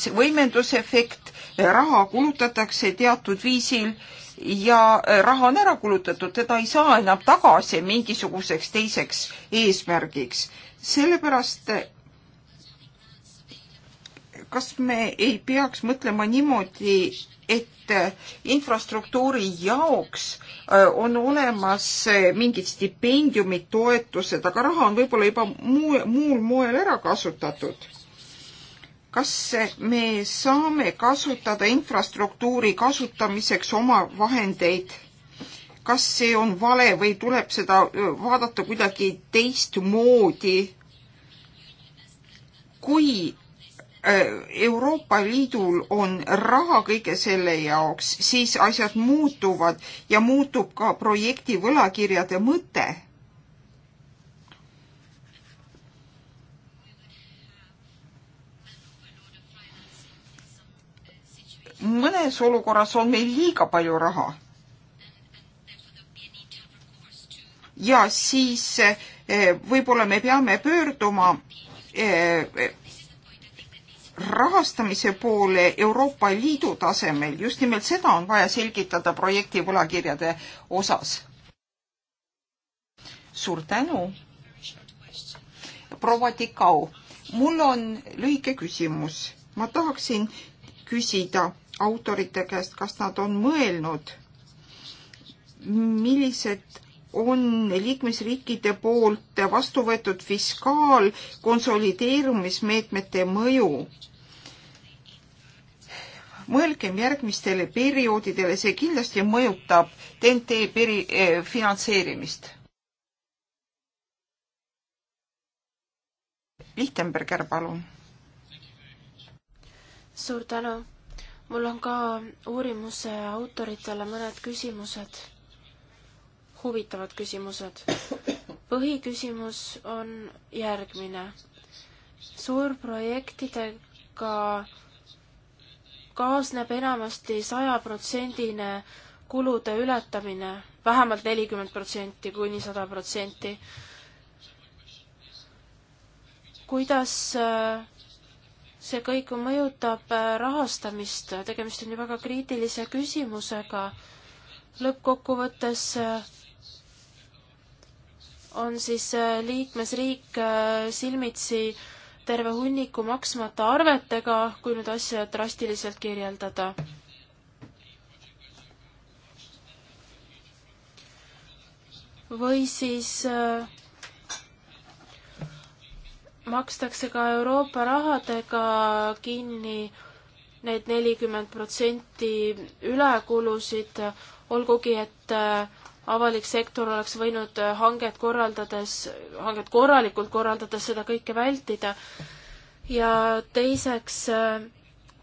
see võimendusefekt, eh, raha kulutatakse teatud viisil ja raha on ära kulutatud, teda ei saa enam tagasi mingisuguseks teiseks eesmärgiks. sellepärast kas me ei peaks mõtlema niimoodi, et äh, infrastruktuuri jaoks äh, on olemas äh, mingid stipendiumid, toetused, aga raha on võib-olla juba muu, muul moel ära kasutatud. kas me saame kasutada infrastruktuuri kasutamiseks oma vahendeid? kas see on vale või tuleb seda vaadata kuidagi teistmoodi? kui Äh, Euroopa Liidul on raha kõige selle jaoks, siis asjad muutuvad ja muutub ka projekti võlakirjade mõte. mõnes olukorras on meil liiga palju raha. ja siis äh, võib-olla me peame pöörduma äh, rahastamise poole Euroopa Liidu tasemel, just nimelt seda on vaja selgitada projekti võlakirjade osas. suur tänu. proua Tikau, mul on lühike küsimus. ma tahaksin küsida autorite käest, kas nad on mõelnud, millised on liikmesriikide poolt vastu võetud fiskaal konsolideerumismeetmete mõju. mõelgem järgmistele perioodidele, see kindlasti mõjutab TNT peri- eh,, finantseerimist. Lichtenberger, palun. suur tänu. mul on ka uurimuse autoritele mõned küsimused huvitavad küsimused. põhiküsimus on järgmine. suurprojektidega kaasneb enamasti sajaprotsendine kulude ületamine, vähemalt nelikümmend protsenti kuni sada protsenti. kuidas äh, see kõik mõjutab äh, rahastamist, tegemist on ju väga kriitilise küsimusega. lõppkokkuvõttes äh, on siis äh, liikmesriik äh, silmitsi terve hunniku maksmata arvetega, kui nüüd asja drastiliselt kirjeldada. või siis äh, makstakse ka Euroopa rahadega kinni need nelikümmend protsenti ülekulusid, olgugi et äh, avalik sektor oleks võinud äh, hanget korraldades, hanget korralikult korraldades seda kõike vältida. ja teiseks, äh,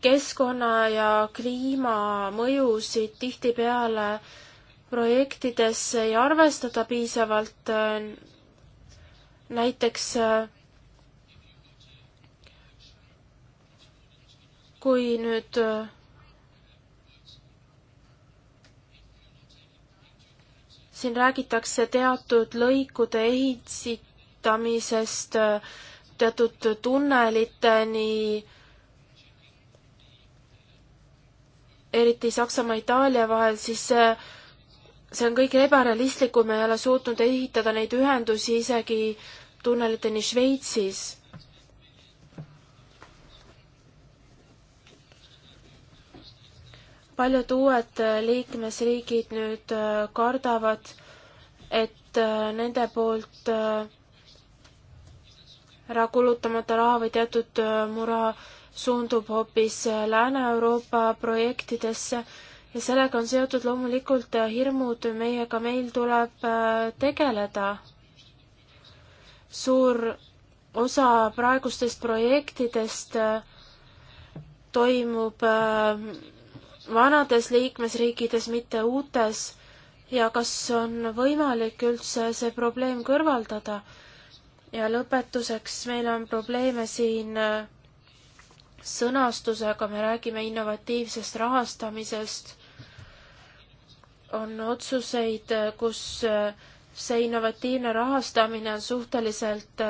keskkonna ja kliimamõjusid tihtipeale projektides ei arvestata piisavalt. Äh, näiteks kui nüüd siin räägitakse teatud lõikude ehitamisest äh, teatud tunneliteni, eriti Saksamaa, Itaalia vahel, siis see, see on kõige ebarealistlikum, me ei ole suutnud ehitada neid ühendusi isegi tunneliteni Šveitsis paljud uued äh, liikmesriigid nüüd äh, kardavad, et äh, nende poolt ära kulutamata raha või teatud mura suundub hoopis Lääne-Euroopa projektidesse ja sellega on seotud loomulikult hirmud, meiega meil tuleb tegeleda. suur osa praegustest projektidest toimub vanades liikmesriikides, mitte uutes ja kas on võimalik üldse see probleem kõrvaldada. ja lõpetuseks, meil on probleeme siin äh, sõnastusega, me räägime innovatiivsest rahastamisest. on otsuseid, äh, kus äh, see innovatiivne rahastamine on suhteliselt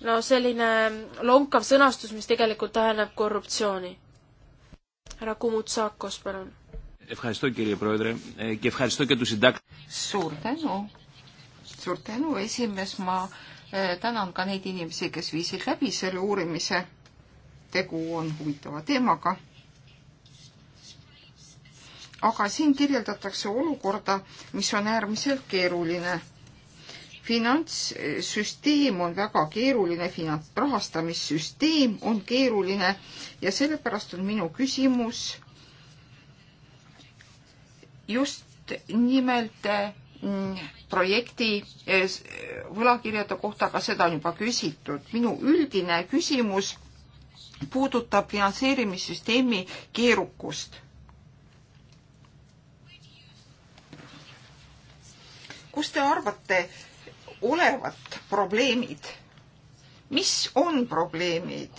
no selline lonkav sõnastus, mis tegelikult tähendab korruptsiooni härra Kumutsakos, palun. suur tänu, suur tänu, esimees, ma tänan ka neid inimesi, kes viisid läbi selle uurimise. tegu on huvitava teemaga. aga siin kirjeldatakse olukorda, mis on äärmiselt keeruline finantssüsteem on väga keeruline, finants, rahastamissüsteem on keeruline ja sellepärast on minu küsimus just nimelt mm, projekti eh, võlakirjade kohta, aga seda on juba küsitud. minu üldine küsimus puudutab finantseerimissüsteemi keerukust. kus te arvate, olevat probleemid, mis on probleemid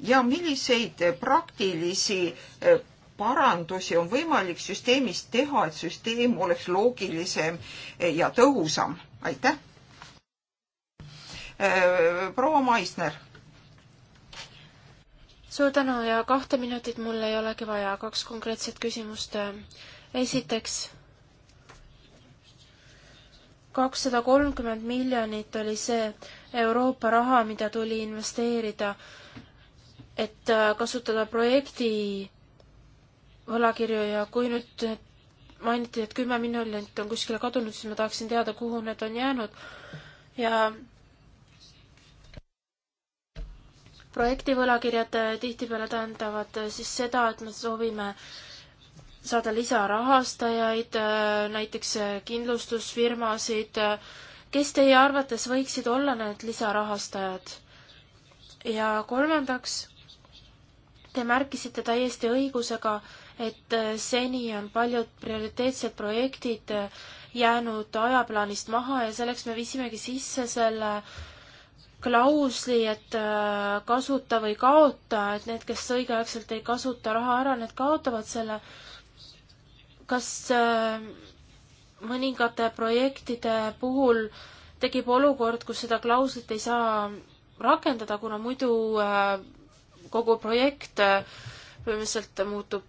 ja milliseid praktilisi eh, parandusi on võimalik süsteemis teha, et süsteem oleks loogilisem eh, ja tõhusam. aitäh. Eh, proua Maisner. suur tänu ja kahte minutit mul ei olegi vaja, kaks konkreetset küsimust. esiteks kakssada kolmkümmend miljonit oli see Euroopa raha, mida tuli investeerida, et äh, kasutada projekti võlakirju ja kui nüüd mainiti, et kümme miljonit on kuskile kadunud, siis ma tahaksin teada, kuhu need on jäänud ja projekti võlakirjad äh, tihtipeale tähendavad äh, siis seda, et me soovime äh, saada lisarahastajaid, äh, näiteks äh, kindlustusfirmasid, äh, kes teie arvates võiksid olla need lisarahastajad? ja kolmandaks, te märkisite täiesti õigusega, et seni on paljud prioriteetsed projektid jäänud ajaplaanist maha ja selleks me viisimegi sisse selle klausli, et kasuta või kaota, et need, kes õigeaegselt ei kasuta raha ära, need kaotavad selle kas äh, mõningate projektide puhul tekib olukord, kus seda klauslit ei saa rakendada, kuna muidu äh, kogu projekt äh, põhimõtteliselt muutub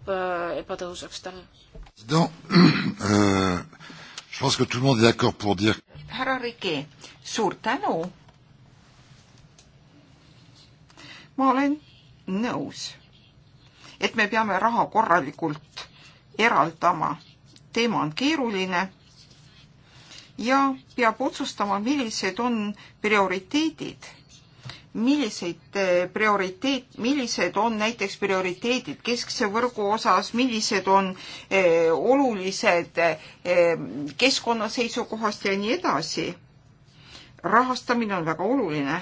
ebatõhusaks täna? Euh, härra Riki, suur tänu. ma olen nõus, et me peame raha korralikult eraldama. teema on keeruline ja peab otsustama, millised on prioriteedid, milliseid eh, prioriteet, millised on näiteks prioriteedid keskse võrgu osas, millised on eh, olulised eh, keskkonna seisukohast ja nii edasi. rahastamine on väga oluline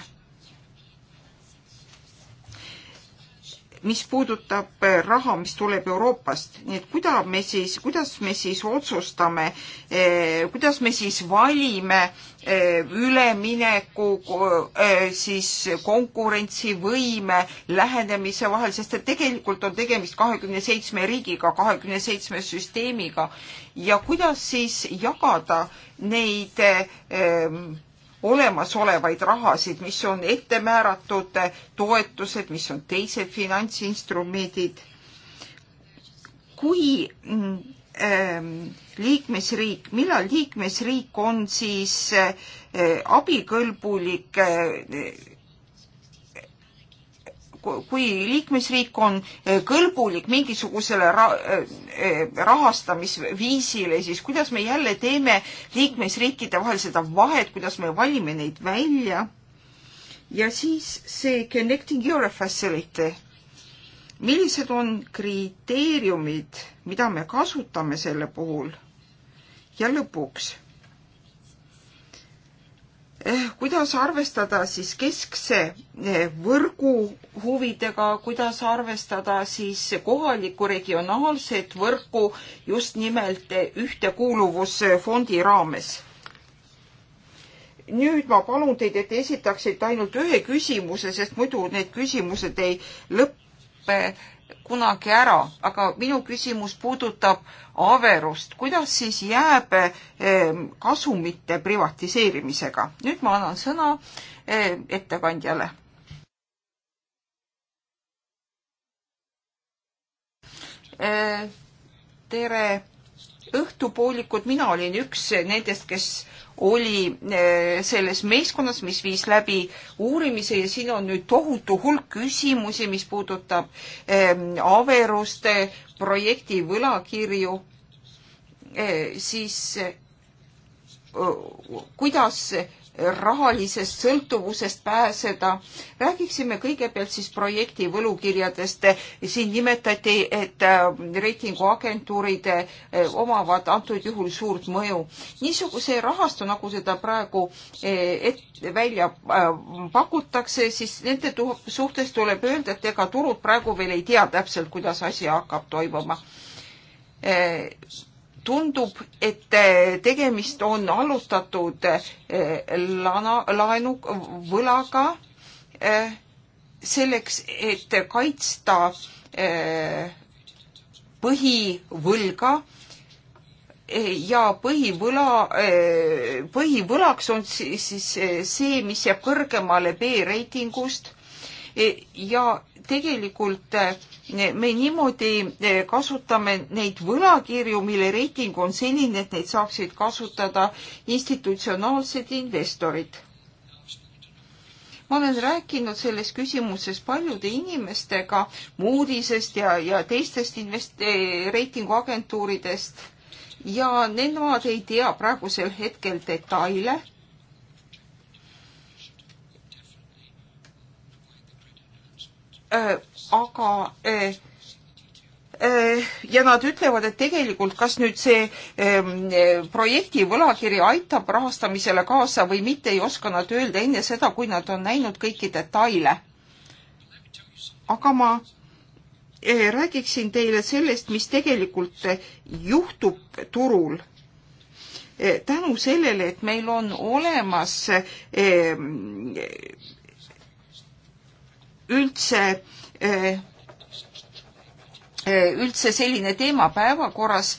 mis puudutab eh, raha, mis tuleb Euroopast, nii et kuida me siis, kuidas me siis otsustame, eh, kuidas me siis valime eh, ülemineku siis konkurentsivõime lähenemise vahel, sest et tegelikult on tegemist kahekümne seitsme riigiga, kahekümne seitsme süsteemiga ja kuidas siis jagada neid olemasolevaid rahasid, mis on ette määratud toetused, mis on teised finantsinstrumendid. kui mm, ähm, liikmesriik, millal liikmesriik on siis äh, abikõlbulik äh, kui liikmesriik on eh, kõlbulik mingisugusele eh, rahastamisviisile, siis kuidas me jälle teeme liikmesriikide vahel seda vahet, kuidas me valime neid välja? ja siis see Connecting Europe Facility. millised on kriteeriumid, mida me kasutame selle puhul? ja lõpuks Eh, kuidas arvestada siis keskse eh, võrgu huvidega, kuidas arvestada siis kohalikku regionaalset võrku just nimelt eh, ühtekuuluvusfondi raames? nüüd ma palun teid, et esitaksite ainult ühe küsimuse, sest muidu need küsimused ei lõppe kunagi ära, aga minu küsimus puudutab Averust. kuidas siis jääb eh, kasumite privatiseerimisega? nüüd ma annan sõna eh, ettekandjale. Eh, tere õhtupoolikut, mina olin üks nendest, kes oli eh, selles meeskonnas, mis viis läbi uurimise ja siin on nüüd tohutu hulk küsimusi, mis puudutab eh, Averuste projekti võlakirju, eh, siis kuidas rahalisest sõltuvusest pääseda. räägiksime kõigepealt siis projekti võlukirjadest. siin nimetati, et äh, reitinguagentuurid äh, omavad antud juhul suurt mõju. niisuguse rahastu, nagu seda praegu äh, et, välja pakutakse, siis nende suhtes tuleb öelda, et ega turud praegu veel ei tea täpselt, kuidas asi hakkab toimuma tundub, et tegemist on alustatud eh, lana, laenu, võlaga eh, selleks, et kaitsta eh, põhivõlga ja põhivõla, põhivõlaks on siis, siis see, mis jääb kõrgemale B reitingust ja tegelikult me niimoodi eh, kasutame neid võlakirju, mille reiting on selline, et neid saaksid kasutada institutsionaalsed investorid. ma olen rääkinud selles küsimuses paljude inimestega Moody'sest ja, ja teistest invest-, eh, reitinguagentuuridest ja nemad ei tea praegusel hetkel detaile äh, aga eh, eh, ja nad ütlevad, et tegelikult kas nüüd see ehm, projekti võlakiri aitab rahastamisele kaasa või mitte, ei oska nad öelda enne seda, kui nad on näinud kõiki detaile. aga ma eh, räägiksin teile sellest, mis tegelikult juhtub turul. tänu sellele, et meil on olemas üldse Äh, äh, üldse selline teema päevakorras,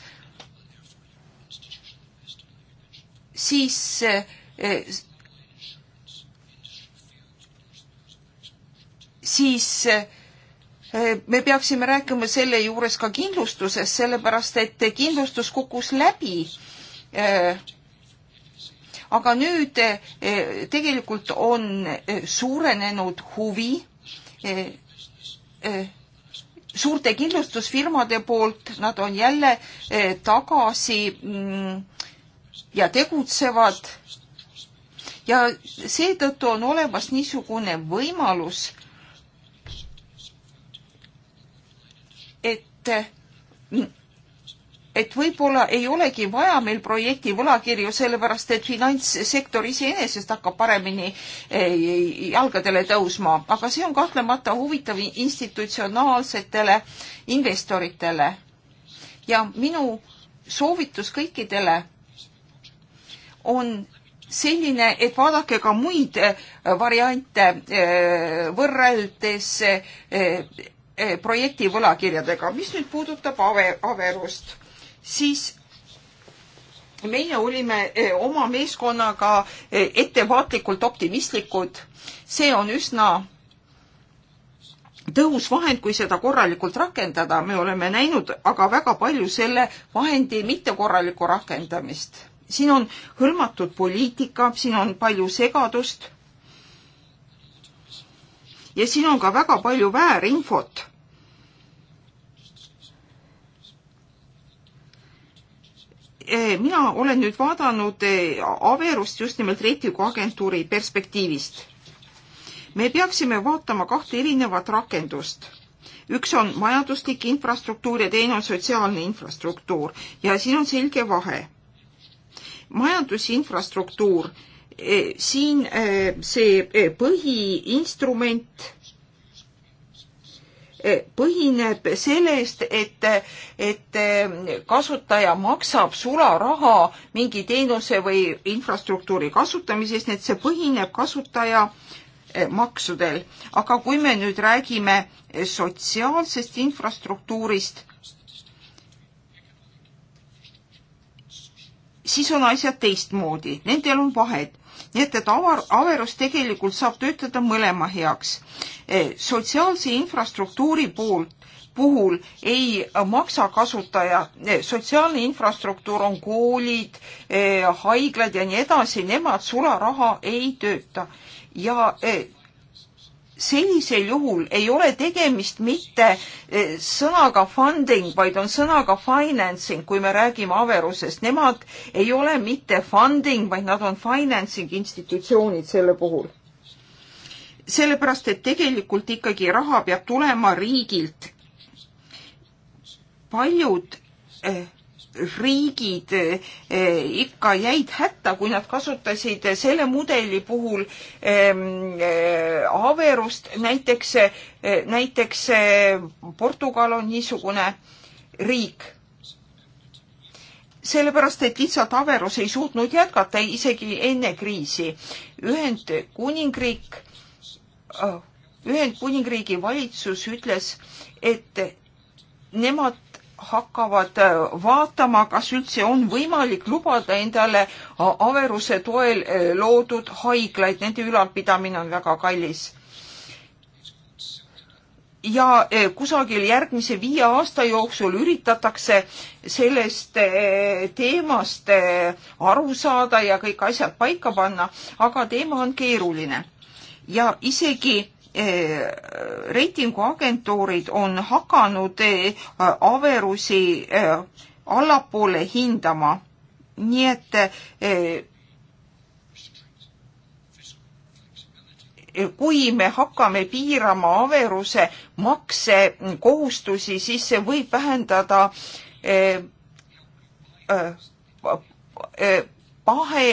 siis äh, siis me peaksime rääkima selle juures ka kindlustusest, sellepärast et kindlustus kukkus läbi. aga nüüd tegelikult on suurenenud huvi Eh, suurte kindlustusfirmade poolt, nad on jälle eh, tagasi mm, ja tegutsevad. ja seetõttu on olemas niisugune võimalus, et eh, et võib-olla ei olegi vaja meil projekti võlakirju, sellepärast et finantssektor iseenesest hakkab paremini eh, jalgadele tõusma, aga see on kahtlemata huvitav institutsionaalsetele investoritele. ja minu soovitus kõikidele on selline, et vaadake ka muid eh, variante eh, võrreldes projekti võlakirjadega. mis nüüd puudutab Ave, Averust, siis meie olime eh, oma meeskonnaga eh, ettevaatlikult optimistlikud. see on üsna tõhus vahend, kui seda korralikult rakendada, me oleme näinud aga väga palju selle vahendi mittekorralikku rakendamist. siin on hõlmatud poliitika, siin on palju segadust. ja siin on ka väga palju väärinfot Eh, mina olen nüüd vaadanud eh, Averust just nimelt reitinguagentuuri perspektiivist. me peaksime vaatama kahte erinevat rakendust üks on majanduslik infrastruktuur ja teine on sotsiaalne infrastruktuur ja siin on selge vahe. majandusinfrastruktuur, eh, siin see põhiinstrument põhineb sellest, et, et kasutaja maksab sularaha mingi teenuse või infrastruktuuri kasutamise eest, nii et see põhineb kasutaja eh, maksudel. aga kui me nüüd räägime eh, sotsiaalsest infrastruktuurist, siis on asjad teistmoodi, nendel on vahed nii et, et avar, averus tegelikult saab töötada mõlema heaks. E, sotsiaalse infrastruktuuri poolt puhul ei maksa kasutaja, e, sotsiaalne infrastruktuur on koolid, e, haiglad ja nii edasi, nemad sularaha ei tööta ja sellisel juhul ei ole tegemist mitte eh, sõnaga funding, vaid on sõnaga financing, kui me räägime Averusest. Nemad ei ole mitte funding, vaid nad on financing institutsioonid selle puhul. sellepärast, et tegelikult ikkagi raha peab tulema riigilt. paljud eh, riigid eh, ikka jäid hätta, kui nad kasutasid selle mudeli puhul ehm, eh, averust, näiteks, eh, näiteks Portugal on niisugune riik. sellepärast, et lihtsalt averus ei suutnud jätkata isegi enne kriisi. Ühendkuningriik, Ühendkuningriigi valitsus ütles, et nemad hakkavad äh, vaatama, kas üldse on võimalik lubada endale averuse toel äh, loodud haiglaid, nende ülalpidamine on väga kallis. ja äh, kusagil järgmise viie aasta jooksul üritatakse sellest teemast aru saada ja kõik asjad paika panna, aga teema on keeruline ja isegi Eh, reitinguagentuurid on hakanud eh, averusi eh, allapoole hindama. nii et kui me hakkame piirama averuse maksekohustusi, siis see võib vähendada pahe,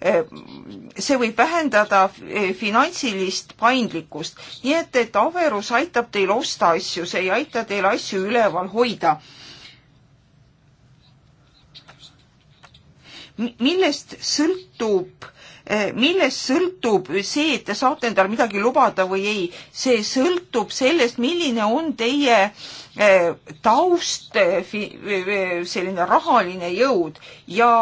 see võib vähendada eh, finantsilist paindlikkust. nii et, et Averus aitab teil osta asju, see ei aita teil asju üleval hoida. millest sõltub eh, millest sõltub see, et te saate endale midagi lubada või ei, see sõltub sellest, milline on teie eh, taust, selline rahaline jõud ja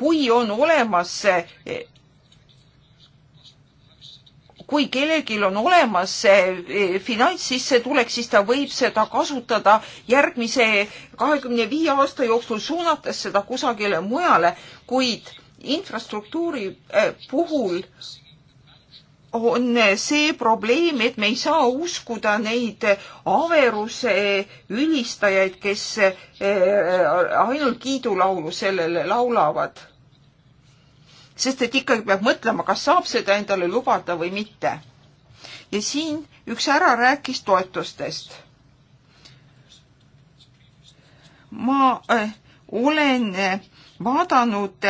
kui on olemas kui kellelgi on olemas see e, finantssissetulek, siis ta võib seda kasutada järgmise kahekümne viie aasta jooksul, suunates seda kusagile mujale, kuid infrastruktuuri e, puhul on see probleem, et me ei saa uskuda neid averuse ülistajaid, kes eh, ainult kiidulaulu sellele laulavad. sest et ikkagi peab mõtlema, kas saab seda endale lubada või mitte. ja siin üks härra rääkis toetustest. ma eh, olen eh, vaadanud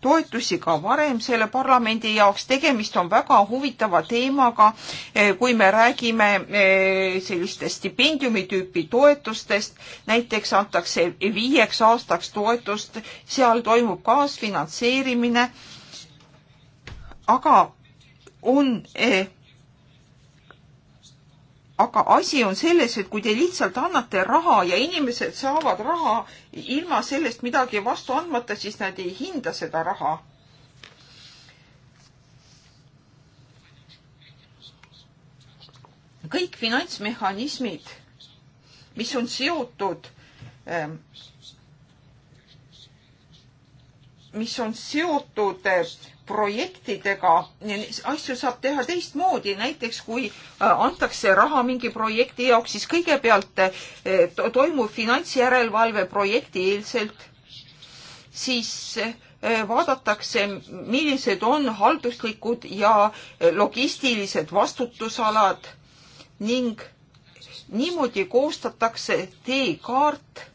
toetusi ka varem selle parlamendi jaoks. tegemist on väga huvitava teemaga, eh, kui me räägime eh, sellistest stipendiumi tüüpi toetustest. näiteks antakse viieks aastaks toetust, seal toimub kaasfinantseerimine. aga on eh, aga asi on selles, et kui te lihtsalt annate raha ja inimesed saavad raha ilma sellest midagi vastu andmata, siis nad ei hinda seda raha. kõik finantsmehhanismid, mis on seotud ähm, mis on seotud projektidega, asju saab teha teistmoodi, näiteks kui äh, antakse raha mingi projekti jaoks, siis kõigepealt äh, toimub finantsjärelevalve projektieelselt, siis äh, vaadatakse, millised on halduslikud ja logistilised vastutusalad ning niimoodi koostatakse teekaart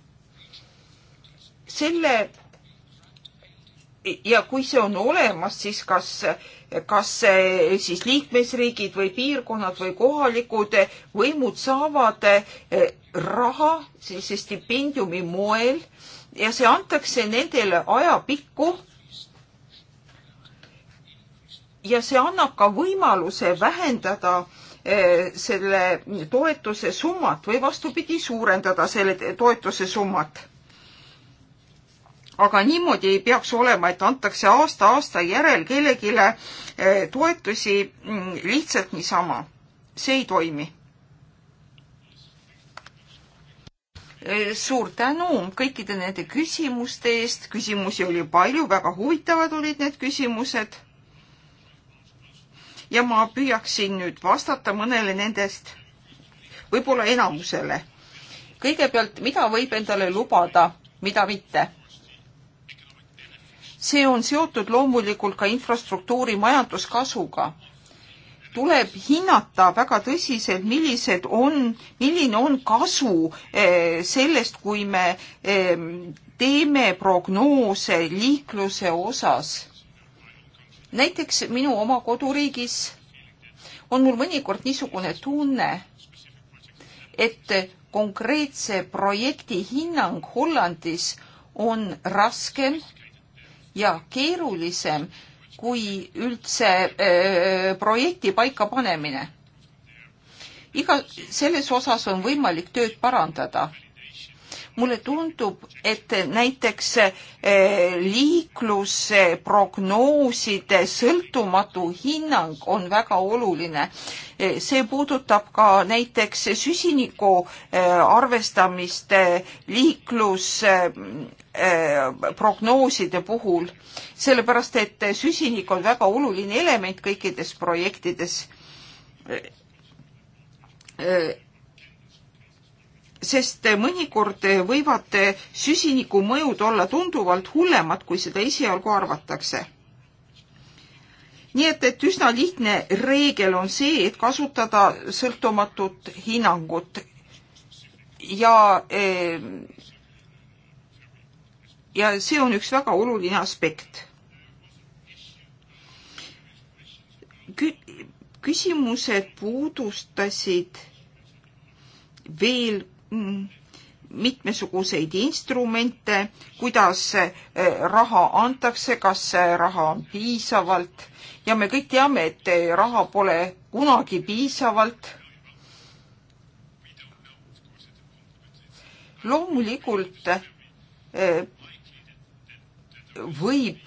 selle ja kui see on olemas, siis kas, kas siis liikmesriigid või piirkonnad või kohalikud võimud saavad eh, raha sellise stipendiumi moel ja see antakse nendele ajapikku. ja see annab ka võimaluse vähendada eh, selle toetuse summat või vastupidi, suurendada selle toetuse summat aga niimoodi ei peaks olema, et antakse aasta-aasta järel kellelegi eh, toetusi mm, lihtsalt niisama. see ei toimi. Eh, suur tänu kõikide nende küsimuste eest, küsimusi oli palju, väga huvitavad olid need küsimused. ja ma püüaksin nüüd vastata mõnele nendest, võib-olla enamusele. kõigepealt, mida võib endale lubada, mida mitte see on seotud loomulikult ka infrastruktuuri majanduskasuga. tuleb hinnata väga tõsiselt, millised on, milline on kasu eh, sellest, kui me eh, teeme prognoose liikluse osas. näiteks minu oma koduriigis on mul mõnikord niisugune tunne, et konkreetse projekti hinnang Hollandis on raskem ja keerulisem kui üldse öö, projekti paikapanemine. iga, selles osas on võimalik tööd parandada mulle tundub, et näiteks eh, liiklusprognooside sõltumatu hinnang on väga oluline. Eh, see puudutab ka näiteks süsiniku eh, arvestamist liiklusprognooside puhul, sellepärast et süsinik on väga oluline element kõikides projektides sest mõnikord võivad süsiniku mõjud olla tunduvalt hullemad, kui seda esialgu arvatakse. nii et, et üsna lihtne reegel on see, et kasutada sõltumatut hinnangut ja eh, ja see on üks väga oluline aspekt Kü. küsimused puudustasid veel Mm, mitmesuguseid instrumente, kuidas eh, raha antakse, kas raha on piisavalt ja me kõik teame, et raha pole kunagi piisavalt. loomulikult eh, võib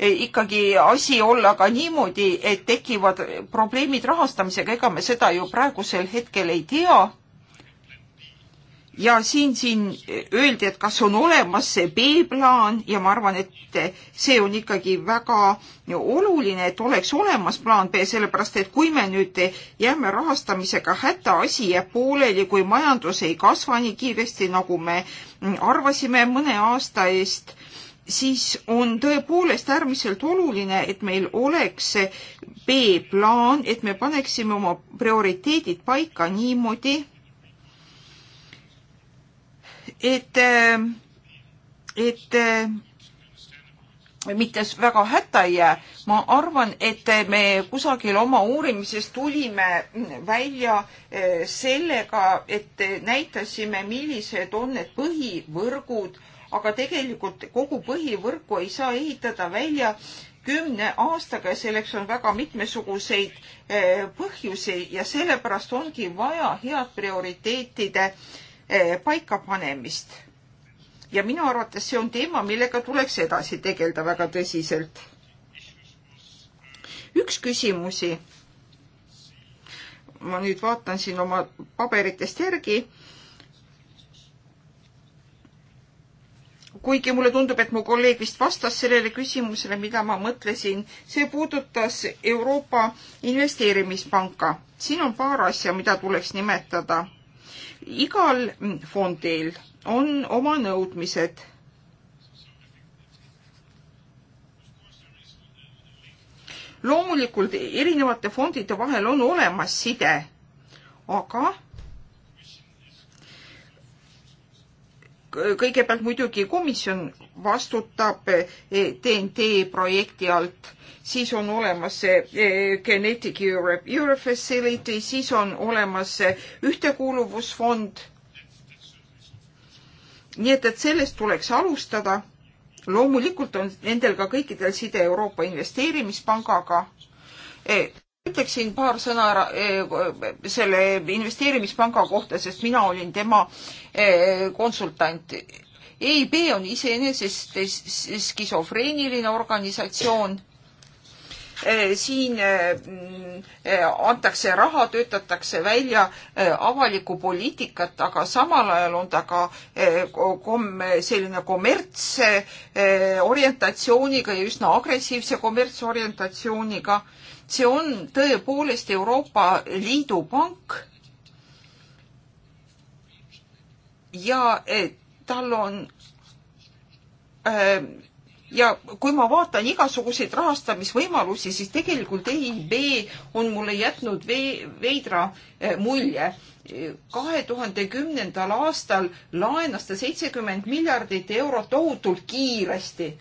eh, ikkagi asi olla ka niimoodi, et tekivad probleemid rahastamisega, ega me seda ju praegusel hetkel ei tea ja siin, siin öeldi, et kas on olemas see B-plaan ja ma arvan, et see on ikkagi väga oluline, et oleks olemas plaan B, sellepärast et kui me nüüd jääme rahastamisega hätta, asi jääb pooleli, kui majandus ei kasva nii kiiresti, nagu me arvasime mõne aasta eest, siis on tõepoolest äärmiselt oluline, et meil oleks B-plaan, et me paneksime oma prioriteedid paika niimoodi, et, et mitte väga hätta ei jää. ma arvan, et me kusagil oma uurimises tulime välja eh, sellega, et näitasime, millised on need põhivõrgud, aga tegelikult kogu põhivõrku ei saa ehitada välja kümne aastaga ja selleks on väga mitmesuguseid eh, põhjusi ja sellepärast ongi vaja head prioriteetide äh, Eh, paikapanemist. ja minu arvates see on teema, millega tuleks edasi tegeleda väga tõsiselt. üks küsimusi, ma nüüd vaatan siin oma paberitest järgi, kuigi mulle tundub, et mu kolleeg vist vastas sellele küsimusele, mida ma mõtlesin, see puudutas Euroopa Investeerimispanka. siin on paar asja, mida tuleks nimetada igal fondil on oma nõudmised. loomulikult erinevate fondide vahel on olemas side, aga kõigepealt muidugi komisjon vastutab TNT eh, projekti alt, siis on olemas see eh, eh, Genetic Europe, Euro Facility, siis on olemas see ühtekuuluvusfond. nii et, et sellest tuleks alustada. loomulikult on nendel ka kõikidel side Euroopa Investeerimispangaga ütleksin paar sõna ära, eh, selle investeerimispanga kohta, sest mina olin tema eh, konsultant. EIB on iseenesest skisofreeniline organisatsioon. Eh, siin mm, antakse raha, töötatakse välja avalikku poliitikat, aga samal ajal on ta ka kom-, selline kommertsorientatsiooniga ja üsna agressiivse kommertsorientatsiooniga see on tõepoolest Euroopa Liidu pank ja eh, tal on eh, ja kui ma vaatan igasuguseid rahastamisvõimalusi, siis tegelikult EIB on mulle jätnud vee, veidra eh, mulje. kahe tuhande kümnendal aastal laenas ta seitsekümmend miljardit eurot tohutult kiiresti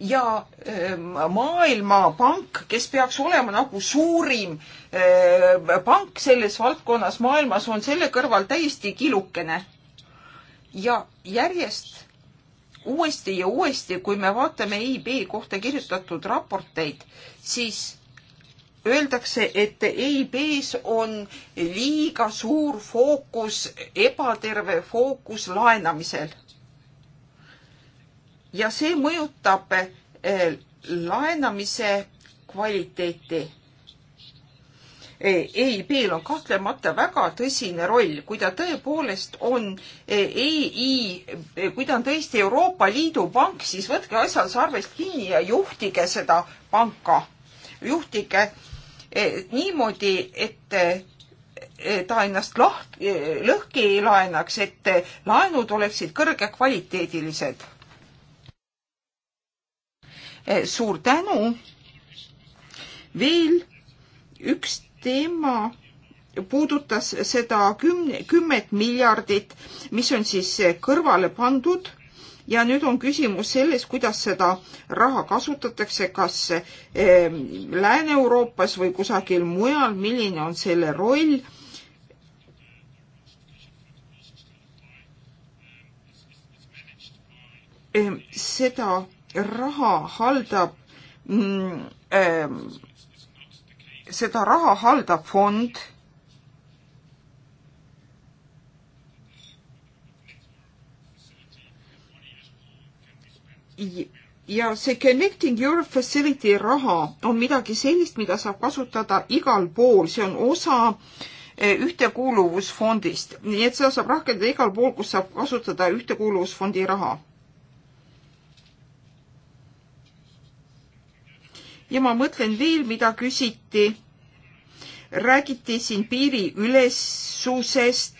ja ähm, Maailmapank, kes peaks olema nagu suurim äh, pank selles valdkonnas maailmas, on selle kõrval täiesti killukene. ja järjest uuesti ja uuesti, kui me vaatame EIB kohta kirjutatud raporteid, siis öeldakse, et EIB-s on liiga suur fookus, ebaterve fookus laenamisel ja see mõjutab eh, laenamise kvaliteeti. EIB-l eh, e on kahtlemata väga tõsine roll, kui ta tõepoolest on EI, eh, e kui ta on tõesti Euroopa Liidu pank, siis võtke asjal sarvest kinni ja juhtige seda panka. juhtige niimoodi, et ta ennast laht-, lõhki ei laenaks, et laenud oleksid kõrgekvaliteedilised Eh, suur tänu. veel üks teema puudutas seda kümne, kümmet miljardit, mis on siis kõrvale pandud ja nüüd on küsimus selles, kuidas seda raha kasutatakse, kas eh, Lääne-Euroopas või kusagil mujal, milline on selle roll. Eh, seda raha haldab mm, ähm, seda raha haldab fond. ja see Connecting Europe Facility raha on midagi sellist, mida saab kasutada igal pool, see on osa eh, ühtekuuluvusfondist, nii et seda saab rakendada igal pool, kus saab kasutada ühtekuuluvusfondi raha ja ma mõtlen veel, mida küsiti. räägiti siin piiriülesusest,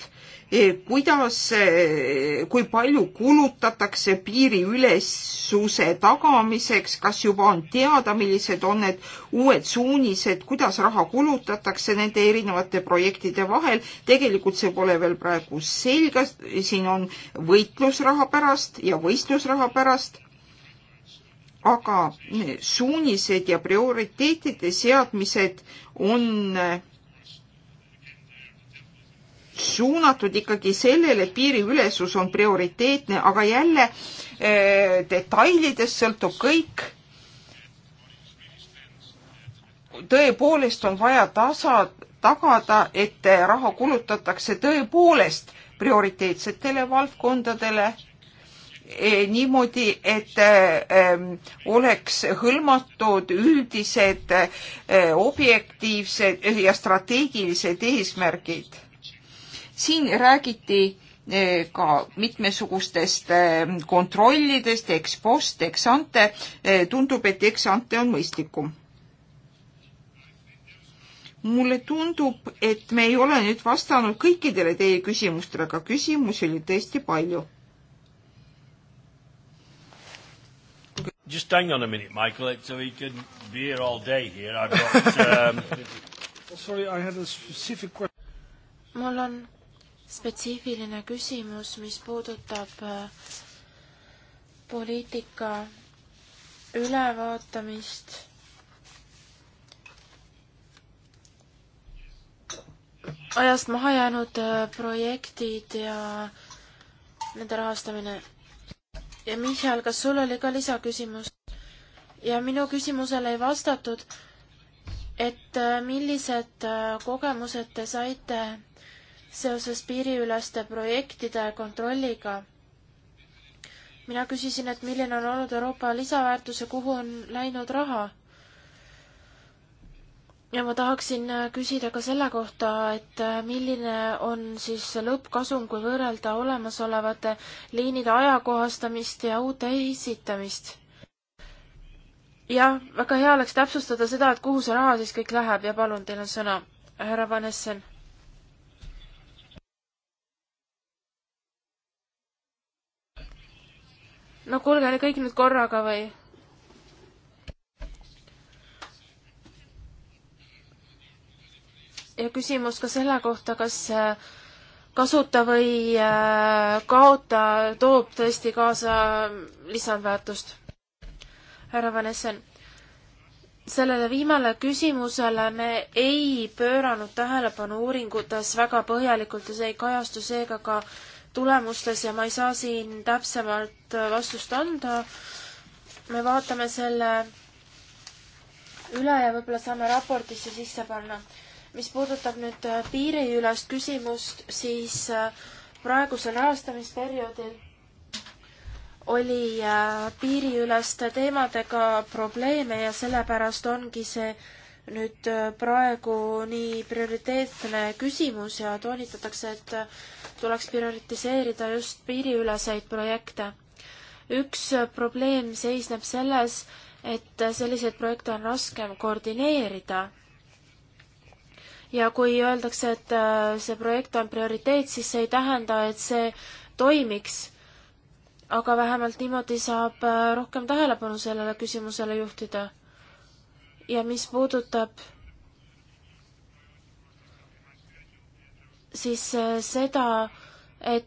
eh, kuidas, eh, kui palju kulutatakse piiriülesuse tagamiseks, kas juba on teada, millised on need uued suunised, kuidas raha kulutatakse nende erinevate projektide vahel. tegelikult see pole veel praegu selge, siin on võitlusraha pärast ja võistlusraha pärast aga eh, suunised ja prioriteetide seadmised on eh, suunatud ikkagi sellele, piiriülesus on prioriteetne, aga jälle eh, detailidest sõltub kõik. tõepoolest on vaja tasa, tagada, et raha kulutatakse tõepoolest prioriteetsetele valdkondadele Eh, niimoodi, et ehm, oleks hõlmatud üldised eh, objektiivsed eh, ja strateegilised eesmärgid. siin räägiti ka mitmesugustest ehm, kontrollidest, eks post, eks ante. tundub, et eks ante on mõistlikum. mulle tundub, et me ei ole nüüd vastanud kõikidele teie küsimustele, aga küsimusi oli tõesti palju Just hang on a minute, Michael, so he can be here all day here. I've got... Um... Oh, sorry, I had a specific question. mul on spetsiifiline küsimus, mis puudutab äh, poliitika ülevaatamist. ajast maha jäänud äh, projektid ja nende rahastamine ja Michal, kas sul oli ka lisaküsimus? ja minu küsimusele ei vastatud, et äh, millised äh, kogemused te saite seoses piiriüleste projektide kontrolliga? mina küsisin, et milline on olnud Euroopa lisaväärtus ja kuhu on läinud raha ja ma tahaksin äh, küsida ka selle kohta, et äh, milline on siis lõppkasum, kui võrrelda olemasolevate liinide ajakohastamist ja uute esitamist? jah, väga hea oleks täpsustada seda, et kuhu see raha siis kõik läheb ja palun, teil on sõna, härra Vanessen. no kuulge, kõik nüüd korraga või? ja küsimus ka selle kohta, kas äh, kasuta või äh, kaota toob tõesti kaasa lisandväärtust? härra Vanessen, sellele viimale küsimusele me ei pööranud tähelepanu uuringutes väga põhjalikult ja see ei kajastu seega ka tulemustes ja ma ei saa siin täpsemalt vastust anda. me vaatame selle üle ja võib-olla saame raportisse sisse panna mis puudutab nüüd äh, piiriülest küsimust, siis äh, praegusel rahastamisperioodil oli äh, piiriüleste teemadega probleeme ja sellepärast ongi see nüüd praegu nii prioriteetne küsimus ja toonitatakse, et tuleks prioritiseerida just piiriüleseid projekte. üks probleem seisneb selles, et selliseid projekte on raskem koordineerida ja kui öeldakse, et äh, see projekt on prioriteet, siis see ei tähenda, et see toimiks. aga vähemalt niimoodi saab äh, rohkem tähelepanu sellele küsimusele juhtida. ja mis puudutab siis äh, seda, et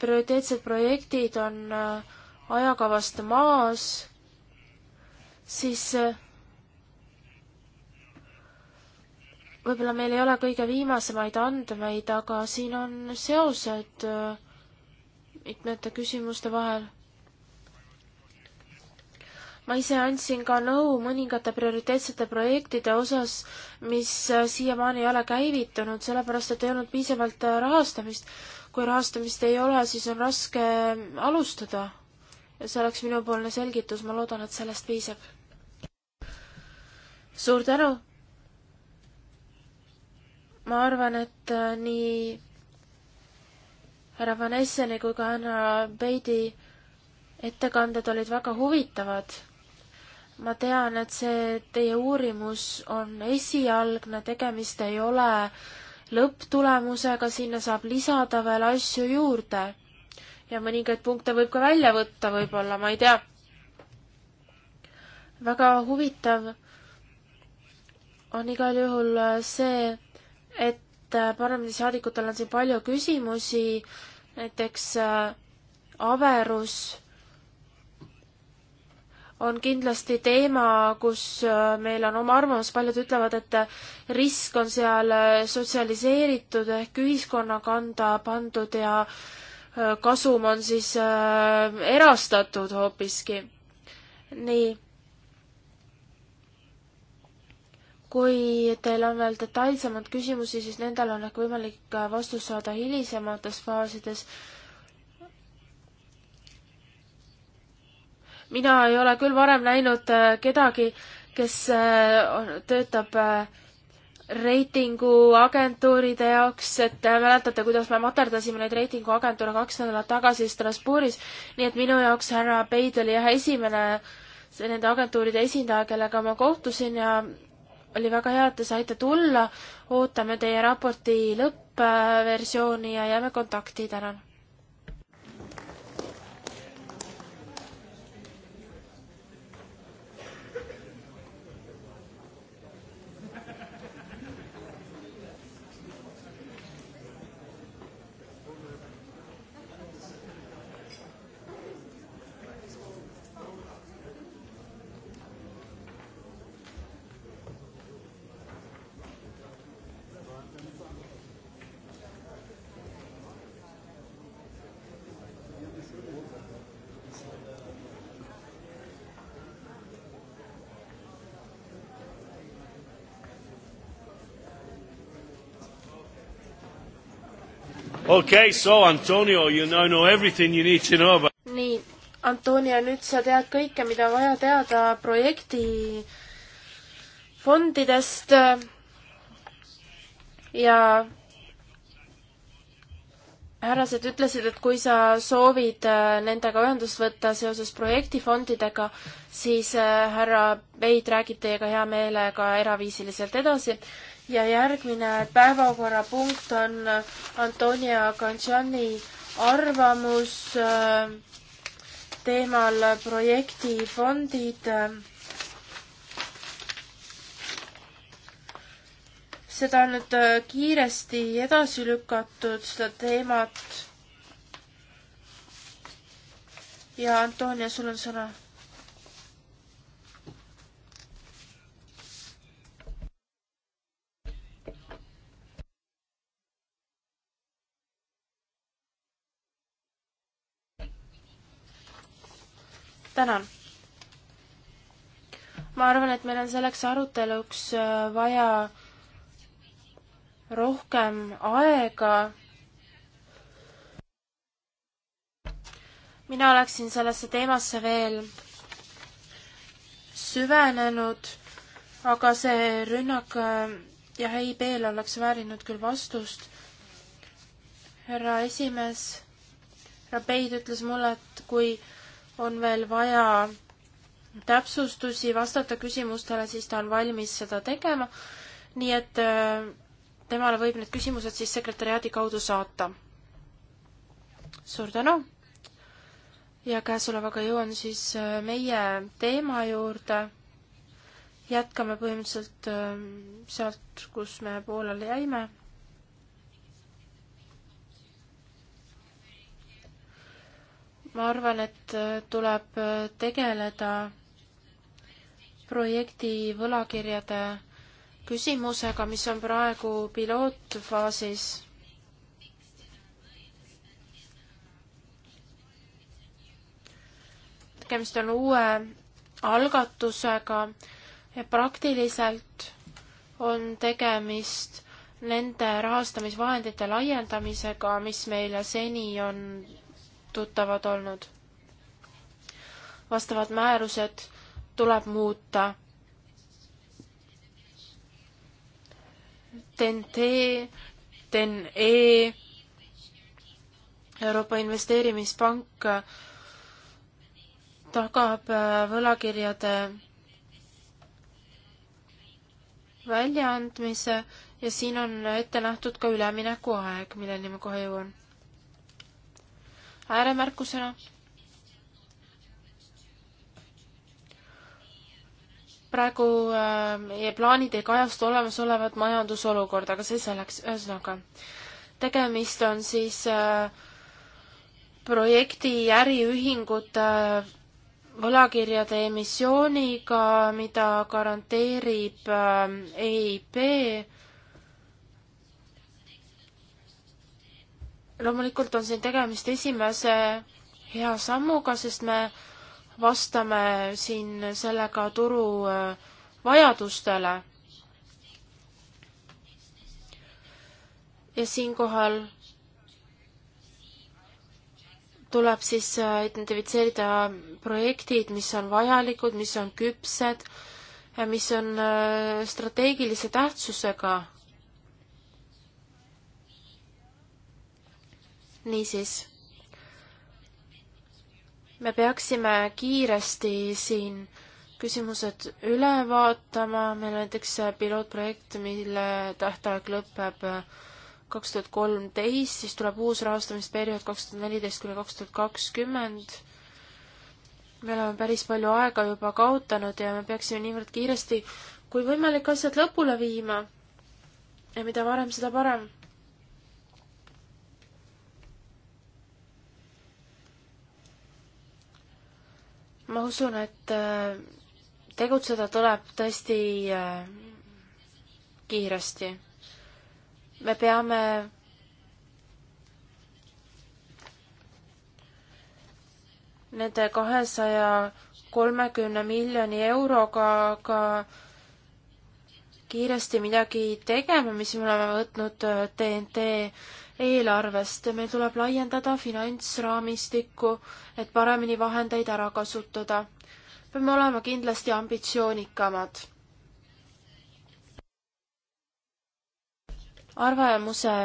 prioriteetsed projektid on ajakavast maas, siis võib-olla meil ei ole kõige viimasemaid andmeid, aga siin on seosed äh, mitmete küsimuste vahel. ma ise andsin ka nõu mõningate prioriteetsete projektide osas, mis äh, siiamaani ei ole käivitunud, sellepärast et ei olnud piisavalt äh, rahastamist. kui rahastamist ei ole, siis on raske alustada. ja see oleks minupoolne selgitus, ma loodan, et sellest piisab. suur tänu! ma arvan, et äh, nii härra Van Esseni kui ka härra Beidi ettekanded olid väga huvitavad. ma tean, et see teie uurimus on esialgne, tegemist ei ole lõpptulemusega, sinna saab lisada veel asju juurde. ja mõningaid punkte võib ka välja võtta võib-olla, ma ei tea. väga huvitav on igal juhul äh, see, et äh, parlamendisaadikutel on siin palju küsimusi, näiteks äh, averus on kindlasti teema, kus äh, meil on oma arvamus, paljud ütlevad, et risk on seal sotsialiseeritud ehk ühiskonna kanda pandud ja kasum on siis erastatud hoopiski. nii kui teil on veel detailsemaid küsimusi, siis nendel on ehk võimalik äh, vastus saada hilisemates faasides. mina ei ole küll varem näinud äh, kedagi, kes äh, töötab reitinguagentuuride jaoks, et mäletate, kuidas me materdasime neid reitinguagentuure kaks nädalat tagasi Strasbourgis, nii et minu jaoks härra Peid oli jah esimene see nende agentuuride esindaja, kellega ma kohtusin ja oli väga hea, et te saite tulla, ootame teie raporti lõppversiooni ja jääme kontakti, tänan! okay, so Antonio, you now know everything you need to know about. nii, Antonio, nüüd sa tead kõike, mida on vaja teada projekti fondidest ja härrased ütlesid, et kui sa soovid äh, nendega ühendust võtta seoses projektifondidega, siis äh, härra Veid räägib teiega hea meelega eraviisiliselt edasi ja järgmine päevakorrapunkt on Antonia Kanchani arvamus äh, teemal projektifondid. seda on nüüd äh, kiiresti edasi lükatud, seda teemat. ja Antonia, sul on sõna tänan! ma arvan, et meil on selleks aruteluks äh, vaja rohkem aega. mina oleksin sellesse teemasse veel süvenenud, aga see rünnak äh, jah, EIB-l oleks väärinud küll vastust. härra esimees Rabeid ütles mulle, et kui on veel vaja täpsustusi, vastata küsimustele, siis ta on valmis seda tegema. nii et äh, temale võib need küsimused siis sekretäriaadi kaudu saata. suur tänu! ja käesolevaga jõuan siis äh, meie teema juurde. jätkame põhimõtteliselt äh, sealt, kus me pooleli jäime ma arvan, et äh, tuleb äh, tegeleda projekti võlakirjade küsimusega, mis on praegu pilootfaasis. tegemist on uue algatusega ja praktiliselt on tegemist nende rahastamisvahendite laiendamisega, mis meile seni on tuttavad olnud. vastavad määrused tuleb muuta. TEN-T, TEN-E, Euroopa Investeerimispank tagab äh, võlakirjade väljaandmise ja siin on ette nähtud ka üleminekuaeg, milleni ma kohe jõuan ääremärkusena. praegu äh, meie plaanid ei kajasta olemasolevat majandusolukorda, aga see selleks, ühesõnaga. tegemist on siis äh, projekti äriühingute äh, võlakirjade emissiooniga, mida garanteerib EIP loomulikult on siin tegemist esimese hea sammuga, sest me vastame siin sellega turu äh, vajadustele. ja siinkohal tuleb siis äh, identifitseerida projektid, mis on vajalikud, mis on küpsed, mis on äh, strateegilise tähtsusega niisiis, me peaksime kiiresti siin küsimused üle vaatama, meil näiteks pilootprojekt, mille tähtaeg lõpeb äh, kaks tuhat kolmteist, siis tuleb uus rahastamisperiood kaks tuhat neliteist kuni kaks tuhat kakskümmend. me oleme päris palju aega juba kaotanud ja me peaksime niivõrd kiiresti kui võimalik asjad lõpule viima. ja mida varem, seda parem ma usun, et äh, tegutseda tuleb tõesti äh, kiiresti. me peame nende kahesaja kolmekümne miljoni euroga ka kiiresti midagi tegema, mis me oleme võtnud TNT äh, eelarvest, meil tuleb laiendada finantsraamistikku, et paremini vahendeid ära kasutada. peame olema kindlasti ambitsioonikamad. arvamuse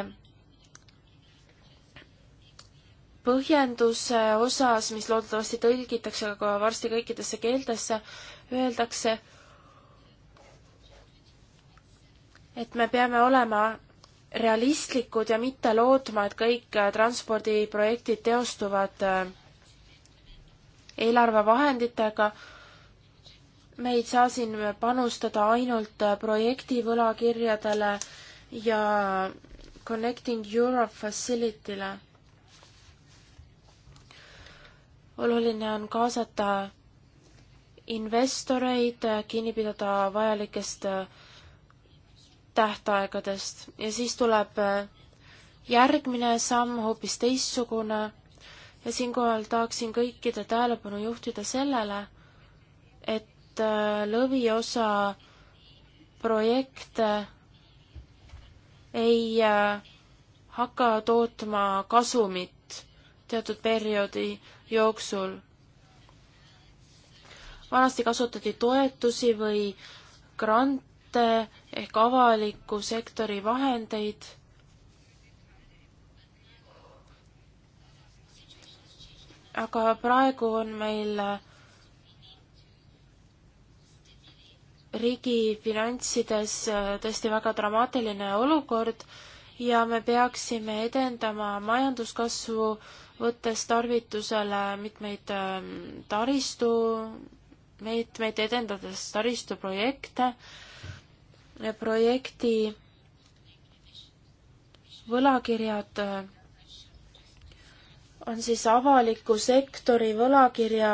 põhjenduse osas, mis loodetavasti tõlgitakse ka varsti kõikidesse keeltesse, öeldakse, et me peame olema realistlikud ja mitte lootma, et kõik äh, transpordiprojektid teostuvad äh, eelarvevahenditega. me ei saa siin panustada ainult äh, projekti võlakirjadele ja Connecting Europe Facility'le. oluline on kaasata investoreid, kinni pidada vajalikest äh, tähtaegadest ja siis tuleb äh, järgmine samm hoopis teistsugune ja siinkohal tahaksin kõikide tähelepanu juhtida sellele, et äh, lõviosa projekte ei äh, hakka tootma kasumit teatud perioodi jooksul. vanasti kasutati toetusi või grante ehk avaliku sektori vahendeid aga praegu on meil riigi finantsides äh, tõesti väga dramaatiline olukord ja me peaksime edendama majanduskasvu, võttes tarvitusele mitmeid ähm, taristu meetmeid, edendades taristuprojekte projekti võlakirjad äh, on siis avaliku sektori võlakirja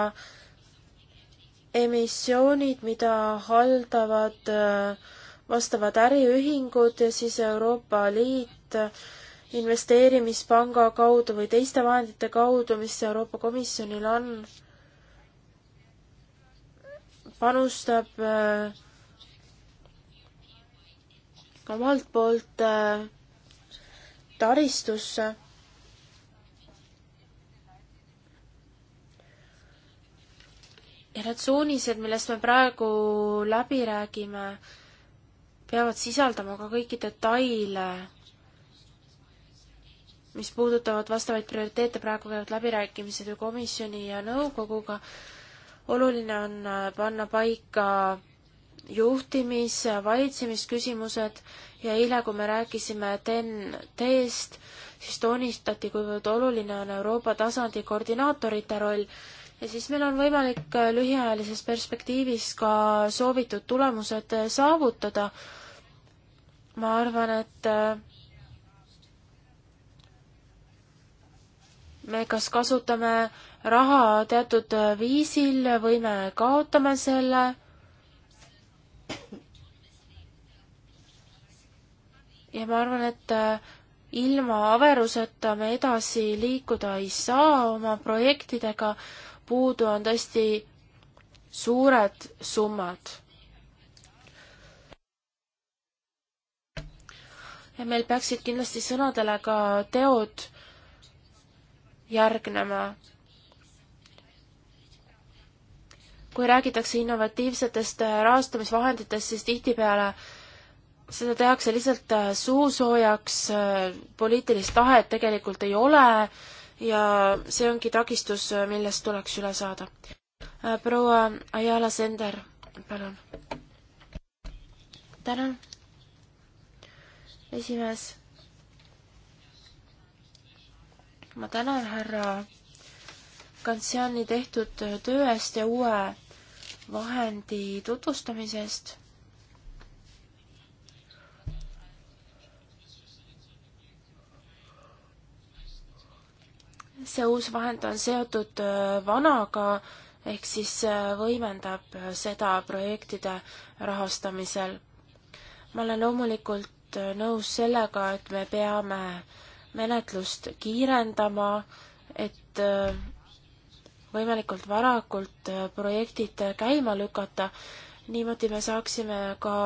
emissioonid, mida haldavad äh, vastavad äriühingud ja siis Euroopa Liit äh, investeerimispanga kaudu või teiste vahendite kaudu, mis Euroopa Komisjonil on, panustab äh, omalt poolt äh, taristusse. ja need suunised, millest me praegu läbi räägime, peavad sisaldama ka kõiki detaile, mis puudutavad vastavaid prioriteete, praegu käivad läbirääkimised ju komisjoni ja nõukoguga. oluline on äh, panna paika juhtimis- ja valitsemisküsimused ja eile, kui me rääkisime TEN-T-st, siis toonistati, kuivõrd oluline on Euroopa tasandi koordinaatorite roll ja siis meil on võimalik äh, lühiajalises perspektiivis ka soovitud tulemused äh, saavutada. ma arvan, et äh, me kas kasutame raha teatud viisil või me kaotame selle ja ma arvan, et äh, ilma averuseta me edasi liikuda ei saa oma projektidega, puudu on tõesti suured summad. ja meil peaksid kindlasti sõnadele ka teod järgnema. kui räägitakse innovatiivsetest äh, rahastamisvahenditest, siis tihtipeale äh, seda tehakse lihtsalt äh, suusoojaks, äh, poliitilist tahet tegelikult ei ole ja see ongi takistus, äh, millest tuleks üle saada. proua Ayala Sender, palun. tänan, esimees. ma tänan härra Kantsiani tehtud töö eest ja uue vahendi tutvustamise eest see uus vahend on seotud äh, vanaga ehk siis äh, võimendab äh, seda projektide rahastamisel. ma olen loomulikult nõus sellega, et me peame menetlust kiirendama, et võimalikult varakult projektid käima lükata. niimoodi me saaksime ka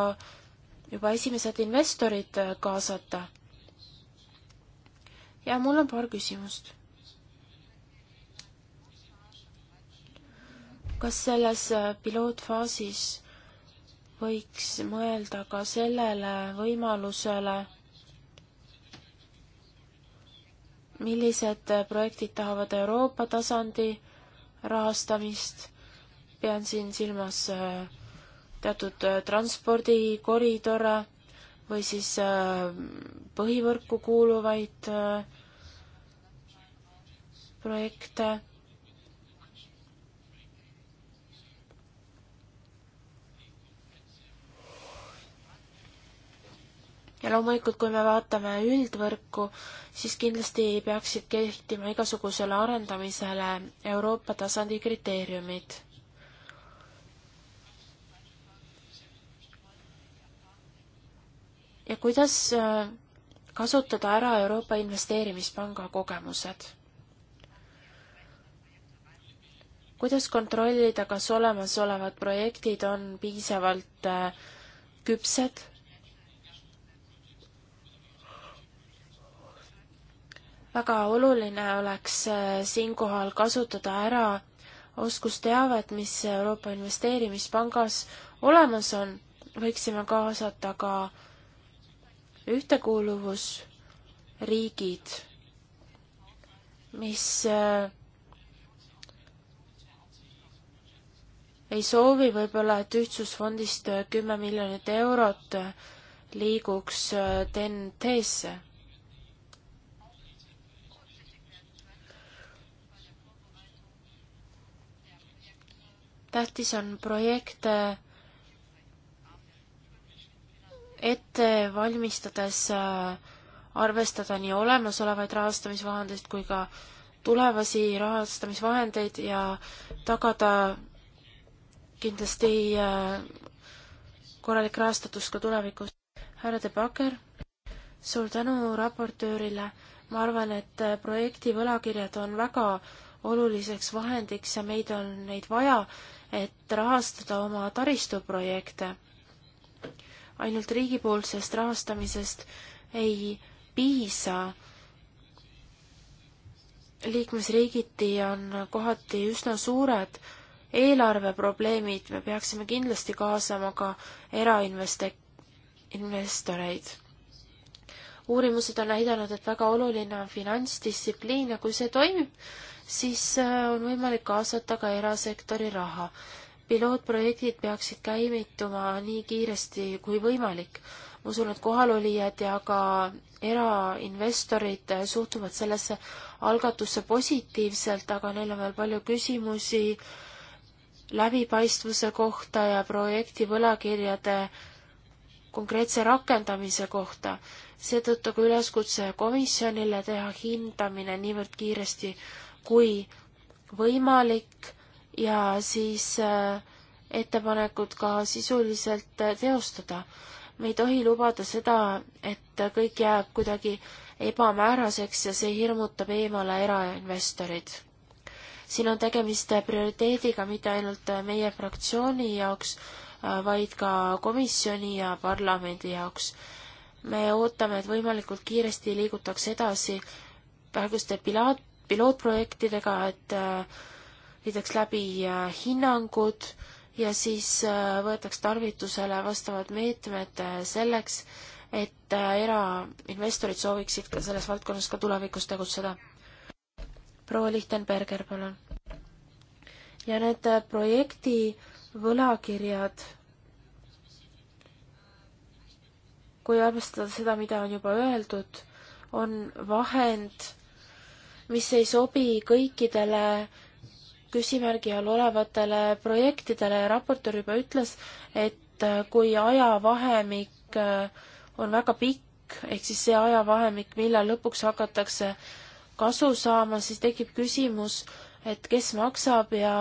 juba esimesed investorid kaasata. ja mul on paar küsimust kas selles äh, pilootfaasis võiks mõelda ka sellele võimalusele, millised äh, projektid tahavad Euroopa tasandi rahastamist, pean siin silmas äh, teatud transpordikoridore või siis põhivõrku kuuluvaid projekte ja loomulikult, kui me vaatame üldvõrku, siis kindlasti peaksid kehtima igasugusele arendamisele Euroopa tasandi kriteeriumid. ja kuidas äh, kasutada ära Euroopa Investeerimispanga kogemused? kuidas kontrollida, kas olemasolevad projektid on piisavalt äh, küpsed väga oluline oleks äh, siinkohal kasutada ära oskusteavet, mis Euroopa Investeerimispangas olemas on, võiksime kaasata ka ühtekuuluvusriigid, mis äh, ei soovi võib-olla, et ühtsusfondist äh, kümme miljonit eurot liiguks TEN-T-sse tähtis on projekte eh, ette valmistades eh, arvestada nii olemasolevaid rahastamisvahendeid kui ka tulevasi rahastamisvahendeid ja tagada kindlasti eh, korralik rahastatus ka tulevikus. härra De Backer, suur tänu raportöörile. ma arvan, et projekti võlakirjad on väga oluliseks vahendiks ja meid on neid vaja et rahastada oma taristuprojekte. ainult riigipoolsest rahastamisest ei piisa. liikmesriigiti on kohati üsna suured eelarveprobleemid, me peaksime kindlasti kaasama ka erainveste-, investoreid. uurimused on näidanud, et väga oluline on finantsdistsipliin ja kui see toimib, siis äh, on võimalik kaasata ka erasektori raha. pilootprojektid peaksid käimituma nii kiiresti kui võimalik. ma usun, et kohalolijad ja ka erainvestorid suhtuvad sellesse algatusse positiivselt, aga neil on veel palju küsimusi läbipaistvuse kohta ja projekti võlakirjade konkreetse rakendamise kohta. seetõttu ka üleskutse komisjonile teha hindamine niivõrd kiiresti kui võimalik ja siis äh, ettepanekud ka sisuliselt äh, teostada. me ei tohi lubada seda, et kõik jääb kuidagi ebamääraseks ja see hirmutab eemale erainvestorid. siin on tegemist prioriteediga mitte ainult meie fraktsiooni jaoks, äh, vaid ka komisjoni ja parlamendi jaoks. me ootame, et võimalikult kiiresti liigutakse edasi praeguste pilaat-, pilootprojektidega, et äh, viidaks läbi äh, hinnangud ja siis äh, võetaks tarvitusele vastavad meetmed selleks, et erainvestorid sooviksid ka selles valdkonnas ka tulevikus tegutseda. proua Lichtenberger, palun. ja need projekti võlakirjad, kui arvestada seda, mida on juba öeldud, on vahend mis ei sobi kõikidele küsimärgi all olevatele projektidele ja raportöör juba ütles, et äh, kui ajavahemik äh, on väga pikk, ehk siis see ajavahemik, millal lõpuks hakatakse kasu saama, siis tekib küsimus, et kes maksab ja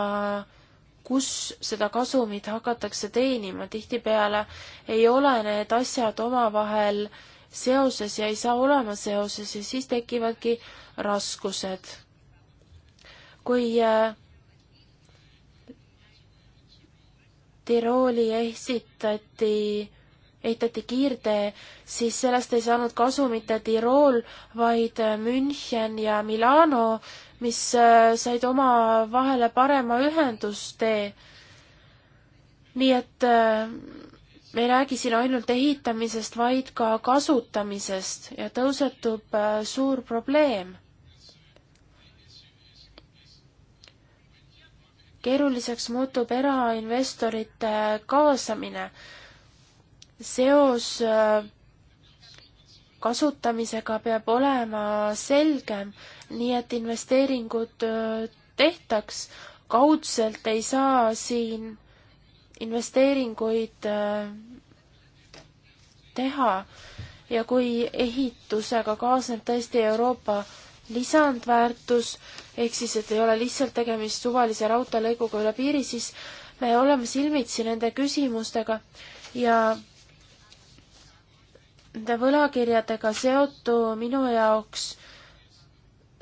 kus seda kasumit hakatakse teenima, tihtipeale ei ole need asjad omavahel äh, seoses ja ei saa olema seoses ja siis tekivadki raskused. kui äh, Tirooli esitati, ehitati kiirtee, siis sellest ei saanud kasu mitte Tirool, vaid äh, München ja Milano, mis äh, said omavahele parema ühendustee. nii et me ei räägi siin ainult ehitamisest, vaid ka kasutamisest ja tõusetub äh, suur probleem. keeruliseks muutub erainvestorite kaasamine. seos äh, kasutamisega peab olema selgem, nii et investeeringud äh, tehtaks, kaudselt ei saa siin investeeringuid äh, teha ja kui ehitusega kaasneb tõesti Euroopa lisandväärtus, ehk siis, et ei ole lihtsalt tegemist suvalise raudteelõiguga üle piiri, siis me oleme silmitsi nende küsimustega ja nende võlakirjadega seotu minu jaoks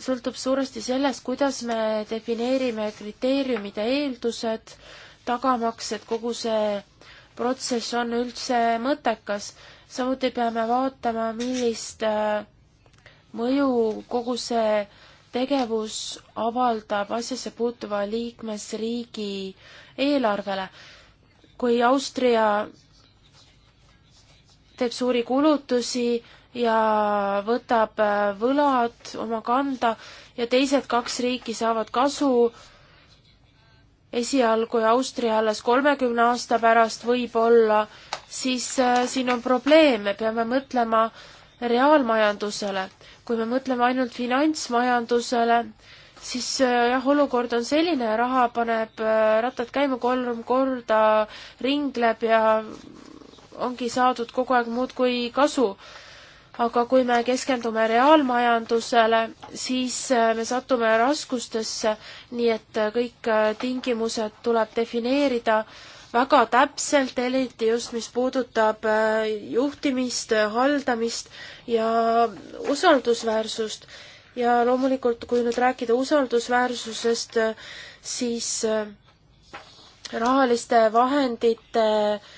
sõltub suuresti sellest, kuidas me defineerime kriteeriumid ja eeldused äh, tagamaks, et kogu see protsess on üldse mõttekas. samuti peame vaatama, millist äh, mõju kogu see tegevus avaldab asjasse puutuva liikmesriigi eelarvele. kui Austria teeb suuri kulutusi ja võtab äh, võlad oma kanda ja teised kaks riiki saavad kasu esialgu ja Austria alles kolmekümne aasta pärast võib-olla, siis äh, siin on probleem, me peame mõtlema reaalmajandusele. kui me mõtleme ainult finantsmajandusele, siis äh, jah, olukord on selline, raha paneb äh, rattad käima kolm korda, ringleb ja ongi saadud kogu aeg muudkui kasu aga kui me keskendume reaalmajandusele, siis äh, me satume raskustesse, nii et äh, kõik äh, tingimused tuleb defineerida väga täpselt, eriti just, mis puudutab juhtimist, haldamist ja usaldusväärsust. ja loomulikult, kui nüüd rääkida usaldusväärsusest, siis rahaliste vahendite äh,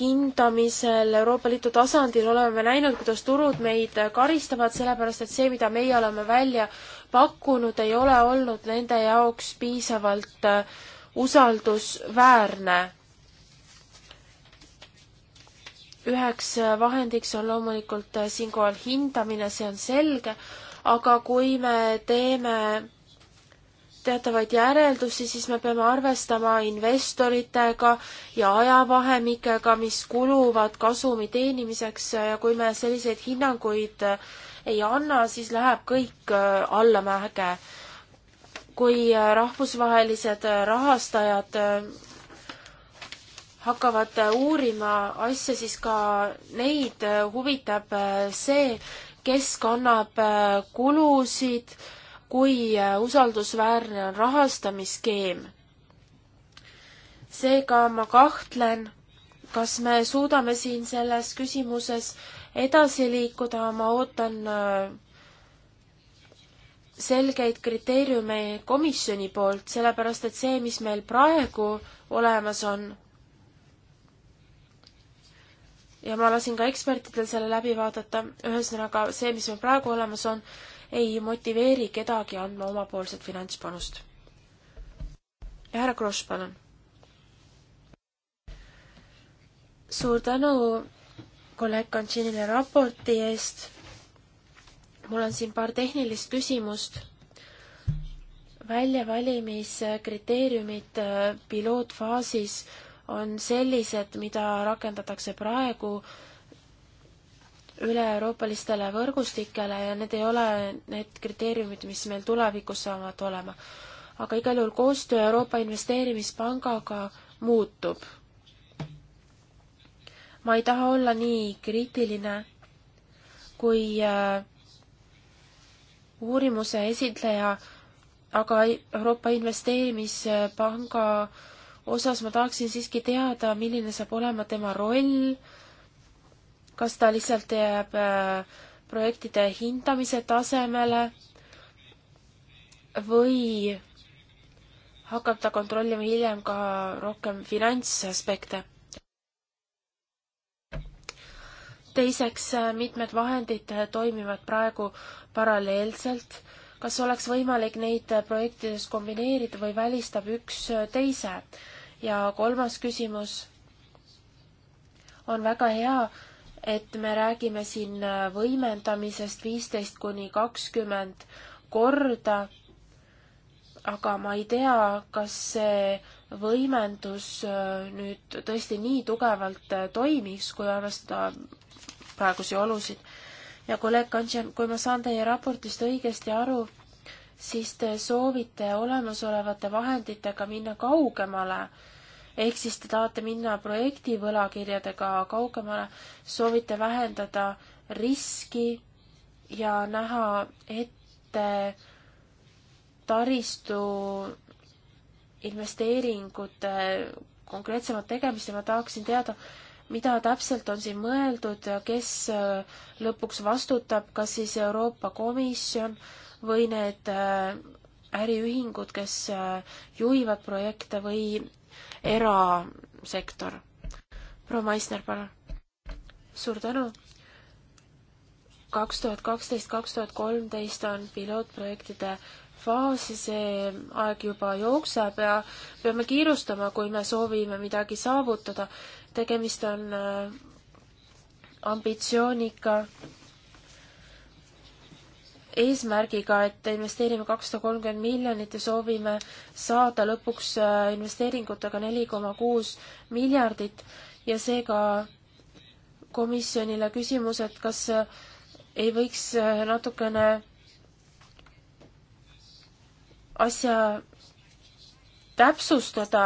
hindamisel Euroopa Liidu tasandil oleme näinud, kuidas turud meid karistavad, sellepärast et see, mida meie oleme välja pakkunud, ei ole olnud nende jaoks piisavalt äh, usaldusväärne. üheks äh, vahendiks on loomulikult äh, siinkohal hindamine, see on selge, aga kui me teeme teatavaid järeldusi, siis me peame arvestama investoritega ja ajavahemikega, mis kuluvad kasumi teenimiseks ja kui me selliseid hinnanguid äh, ei anna, siis läheb kõik äh, allamäge. kui äh, rahvusvahelised rahastajad hakkavad uurima asja, siis ka neid huvitab see, kes kannab kulusid kui äh, usaldusväärne on rahastamisskeem. seega ma kahtlen, kas me suudame siin selles küsimuses edasi liikuda, ma ootan äh, selgeid kriteeriume komisjoni poolt, sellepärast et see, mis meil praegu olemas on, ja ma lasin ka ekspertidel selle läbi vaadata, ühesõnaga see, mis meil praegu olemas on, ei motiveeri kedagi andma omapoolset finantspanust. härra Kross, palun. suur tänu kolleeg Kantsinile raporti eest. mul on siin paar tehnilist küsimust väljavalimiskriteeriumid äh, pilootfaasis on sellised, mida rakendatakse praegu üle-euroopalistele võrgustikele ja need ei ole need kriteeriumid, mis meil tulevikus saavad olema. aga igal juhul koostöö Euroopa Investeerimispangaga muutub. ma ei taha olla nii kriitiline, kui äh, uurimuse esitleja, aga Euroopa Investeerimispanga osas ma tahaksin siiski teada, milline saab olema tema roll, kas ta lihtsalt jääb äh, projektide hindamise tasemele või hakkab ta kontrollima hiljem ka rohkem finantsaspekte. teiseks, äh, mitmed vahendid äh, toimivad praegu paralleelselt. kas oleks võimalik neid projektides kombineerida või välistab üks teise? ja kolmas küsimus on väga hea, et me räägime siin võimendamisest viisteist kuni kakskümmend korda, aga ma ei tea, kas see võimendus äh, nüüd tõesti nii tugevalt äh, toimiks, kui arvestada praegusi olusid. ja kolleeg Kantšen, kui ma saan teie raportist õigesti aru, siis te soovite olemasolevate vahenditega minna kaugemale ehk siis te tahate minna projekti võlakirjadega kaugemale, soovite vähendada riski ja näha ette taristu investeeringute konkreetsemat tegemist ja ma tahaksin teada, mida täpselt on siin mõeldud ja kes äh, lõpuks vastutab, kas siis Euroopa Komisjon või need äh, äriühingud, kes äh, juhivad projekte või erasektor. proua Maisner, palun. suur tänu. kaks tuhat kaksteist, kaks tuhat kolmteist on pilootprojektide faasi, see aeg juba jookseb ja peame kiirustama, kui me soovime midagi saavutada. tegemist on äh, ambitsioonika eesmärgiga, et investeerime kakssada kolmkümmend miljonit ja soovime saada lõpuks äh, investeeringutega neli koma kuus miljardit ja seega komisjonile küsimus, et kas äh, ei võiks äh, natukene asja täpsustada,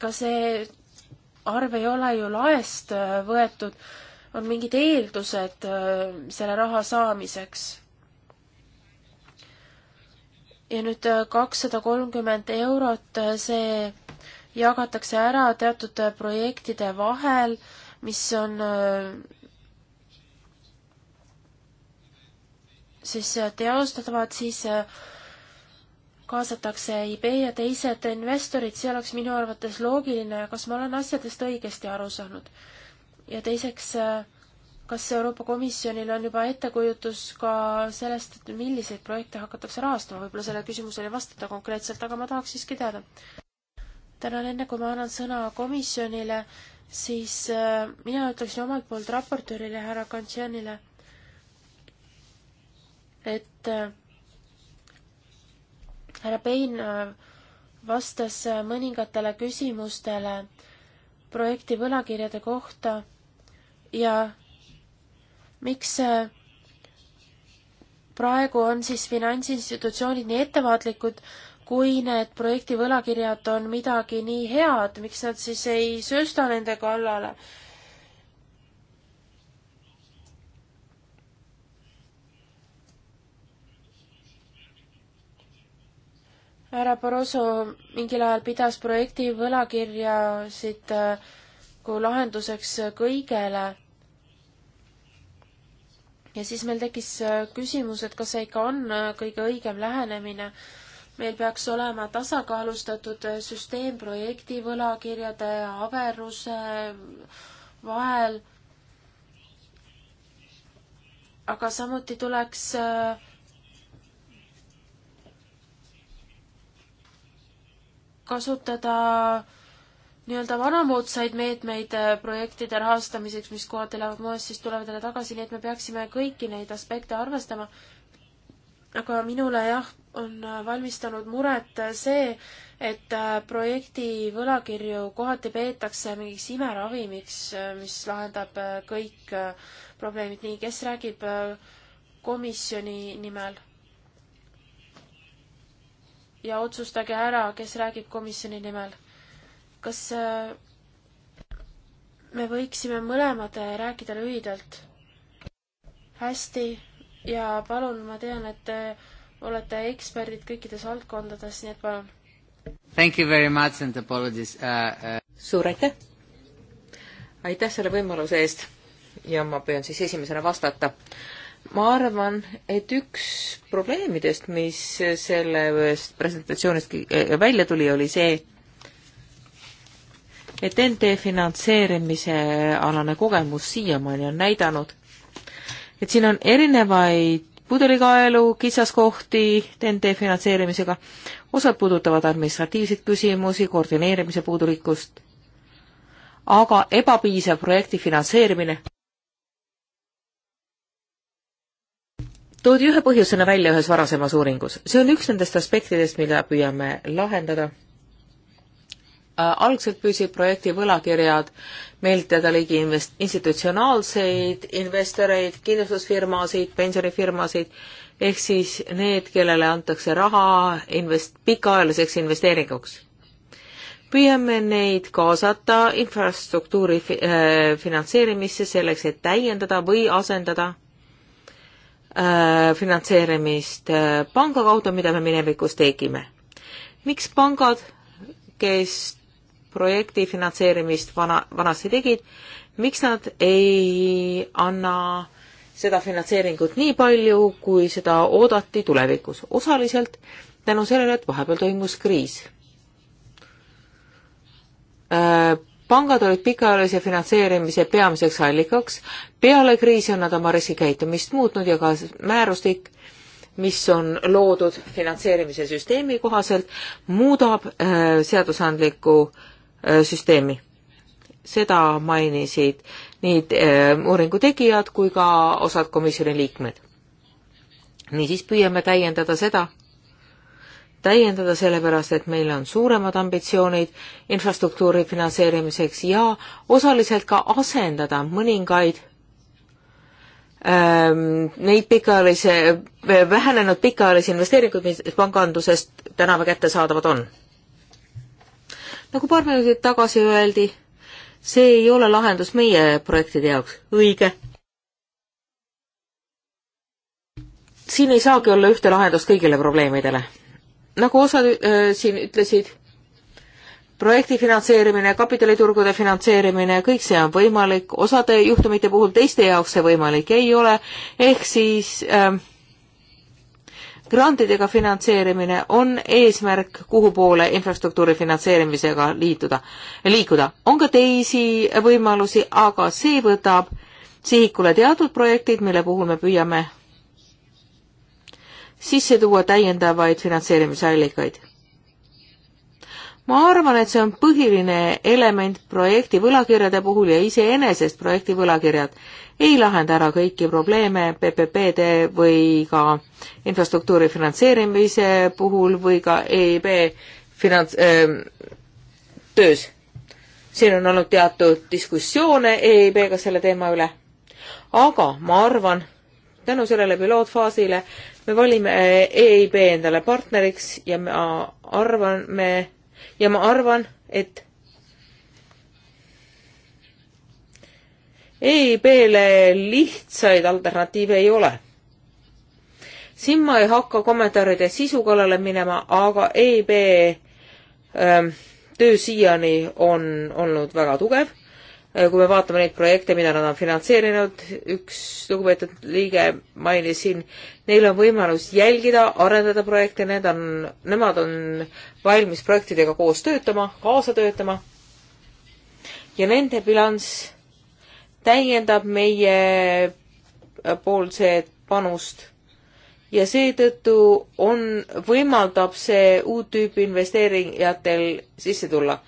ka see arv ei ole ju laest võetud on mingid eeldused äh, selle raha saamiseks. ja nüüd äh, kakssada kolmkümmend eurot, äh, see jagatakse ära teatud projektide vahel, mis on siis teostatavad, siis kaasatakse EIB ja teised investorid, see oleks minu arvates loogiline, kas ma olen asjadest õigesti aru saanud? ja teiseks, äh, kas Euroopa Komisjonil on juba ettekujutus ka sellest, et milliseid projekte hakatakse rahastama, võib-olla sellele küsimusele ei vastata konkreetselt, aga ma tahaks siiski teada. tänan, enne kui ma annan sõna komisjonile, siis äh, mina ütleksin omalt poolt raportöörile härra Kantšanile, et äh, härra Pein vastas mõningatele küsimustele projekti võlakirjade kohta ja miks äh, praegu on siis finantsinstitutsioonid nii ettevaatlikud, kui need projekti võlakirjad on midagi nii head, miks nad siis ei söösta nende kallale? härra Barroso mingil ajal pidas projekti võlakirjasid äh, kui lahenduseks kõigele. ja siis meil tekkis äh, küsimus, et kas see ikka on äh, kõige õigem lähenemine. meil peaks olema tasakaalustatud äh, süsteem projekti võlakirjade ja averuse vahel. aga samuti tuleks kasutada nii-öelda vanamoodsaid meetmeid äh, projektide rahastamiseks, mis kohati lähevad moest, siis tulevad jälle tagasi, nii et me peaksime kõiki neid aspekte arvestama. aga minule jah, on äh, valmistanud muret äh, see, et projekti võlakirju kohati peetakse mingiks imeravimiks, mis lahendab kõik probleemid. nii, kes räägib komisjoni nimel? ja otsustage ära, kes räägib komisjoni nimel kas äh, me võiksime mõlemad äh, rääkida lühidalt? hästi ja palun, ma tean, et te äh, olete eksperdid kõikides valdkondades, nii et palun. Thank you very much and apologies uh,. Uh... suur aitäh! aitäh selle võimaluse eest ja ma püüan siis esimesena vastata ma arvan, et üks probleemidest, mis sellest presentatsioonist välja tuli, oli see, et NT finantseerimise alane kogemus siiamaani on näidanud, et siin on erinevaid pudelikaelu, kitsaskohti TNT finantseerimisega, osad puudutavad administratiivseid küsimusi, koordineerimise puudulikkust, aga ebapiisav projekti finantseerimine toodi ühe põhjusena välja ühes varasemas uuringus. see on üks nendest aspektidest, mida püüame lahendada Äh, algselt püüdsid projekti võlakirjad meelitada ligi invest-, institutsionaalseid investoreid, kindlustusfirmasid, pensionifirmasid, ehk siis need, kellele antakse raha invest-, pikaajaliseks investeeringuks. püüame neid kaasata infrastruktuuri fi-, äh, finantseerimisse selleks, et täiendada või asendada äh, finantseerimist äh, panga kaudu, mida me minevikus tegime. miks pangad kes projekti finantseerimist vana, vanasti tegid, miks nad ei anna seda finantseeringut nii palju, kui seda oodati tulevikus, osaliselt tänu sellele, et vahepeal toimus kriis. Äh, pangad olid pikaajalise finantseerimise peamiseks allikaks, peale kriisi on nad oma riskikäitumist muutnud ja ka määrustik mis on loodud finantseerimise süsteemi kohaselt, muudab äh, seadusandliku Äh, süsteemi. seda mainisid nii äh, uuringu tegijad kui ka osad komisjoni liikmed. niisiis püüame täiendada seda, täiendada sellepärast, et meil on suuremad ambitsioonid infrastruktuuri finantseerimiseks ja osaliselt ka asendada mõningaid ähm, neid pikaajalise, vähenenud pikaajalisi investeeringuid, mis pangandusest tänava kättesaadavad on nagu paar minutit tagasi öeldi, see ei ole lahendus meie projektide jaoks, õige. siin ei saagi olla ühte lahendust kõigile probleemidele. nagu osad äh, siin ütlesid, projekti finantseerimine, kapitaliturgude finantseerimine, kõik see on võimalik, osade juhtumite puhul teiste jaoks see võimalik ei ole, ehk siis äh, grantidega finantseerimine on eesmärk, kuhu poole infrastruktuuri finantseerimisega liituda, liikuda. on ka teisi võimalusi, aga see võtab sihikule teatud projektid, mille puhul me püüame sisse tuua täiendavaid finantseerimisallikaid. ma arvan, et see on põhiline element projekti võlakirjade puhul ja iseenesest projekti võlakirjad ei lahenda ära kõiki probleeme PPP-de või ka infrastruktuuri finantseerimise puhul või ka EIB finants- äh,, töös. siin on olnud teatud diskussioone EIB-ga selle teema üle, aga ma arvan, tänu sellele pilootfaasile me valime äh, EIB endale partneriks ja ma arvan, me, ja ma arvan, et EIB-le lihtsaid alternatiive ei ole. siin ma ei hakka kommentaaride sisu kallale minema, aga EIB ähm, töö siiani on olnud väga tugev. Äh, kui me vaatame neid projekte, mida nad on finantseerinud, üks lugupeetud liige mainis siin, neil on võimalus jälgida, arendada projekte, need on, nemad on valmis projektidega koos töötama, kaasa töötama. ja nende bilanss täiendab meie poolset panust ja seetõttu on, võimaldab see uut tüüpi investeerijatel sisse tulla.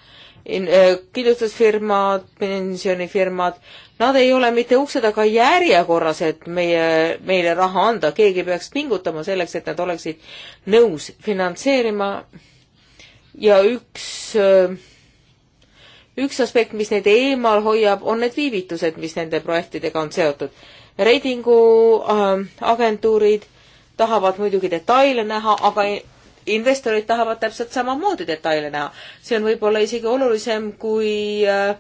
Äh, kindlustusfirmad, pensionifirmad, nad ei ole mitte ukse taga järjekorras, et meie, meile raha anda, keegi peaks pingutama selleks, et nad oleksid nõus finantseerima ja üks äh, üks aspekt, mis neid eemal hoiab, on need viivitused, mis nende projektidega on seotud. reitinguagentuurid ähm, äh, tahavad muidugi detaile näha, aga investorid tahavad täpselt samamoodi detaile näha. see on võib-olla isegi olulisem kui äh,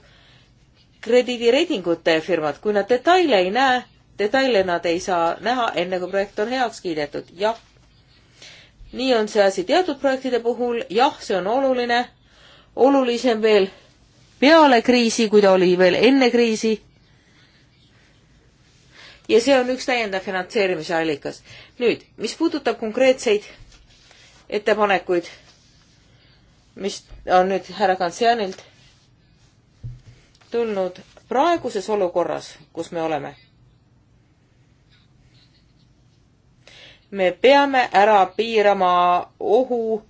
krediidireitingute firmad, kui nad detaile ei näe, detaile nad ei saa näha, enne kui projekt on heaks kiidetud, jah. nii on see asi teatud projektide puhul, jah, see on oluline. olulisem veel peale kriisi, kui ta oli veel enne kriisi. ja see on üks täiendav finantseerimise allikas. nüüd, mis puudutab konkreetseid ettepanekuid, mis on nüüd härra Kantsianilt tulnud praeguses olukorras, kus me oleme me peame ära piirama ohu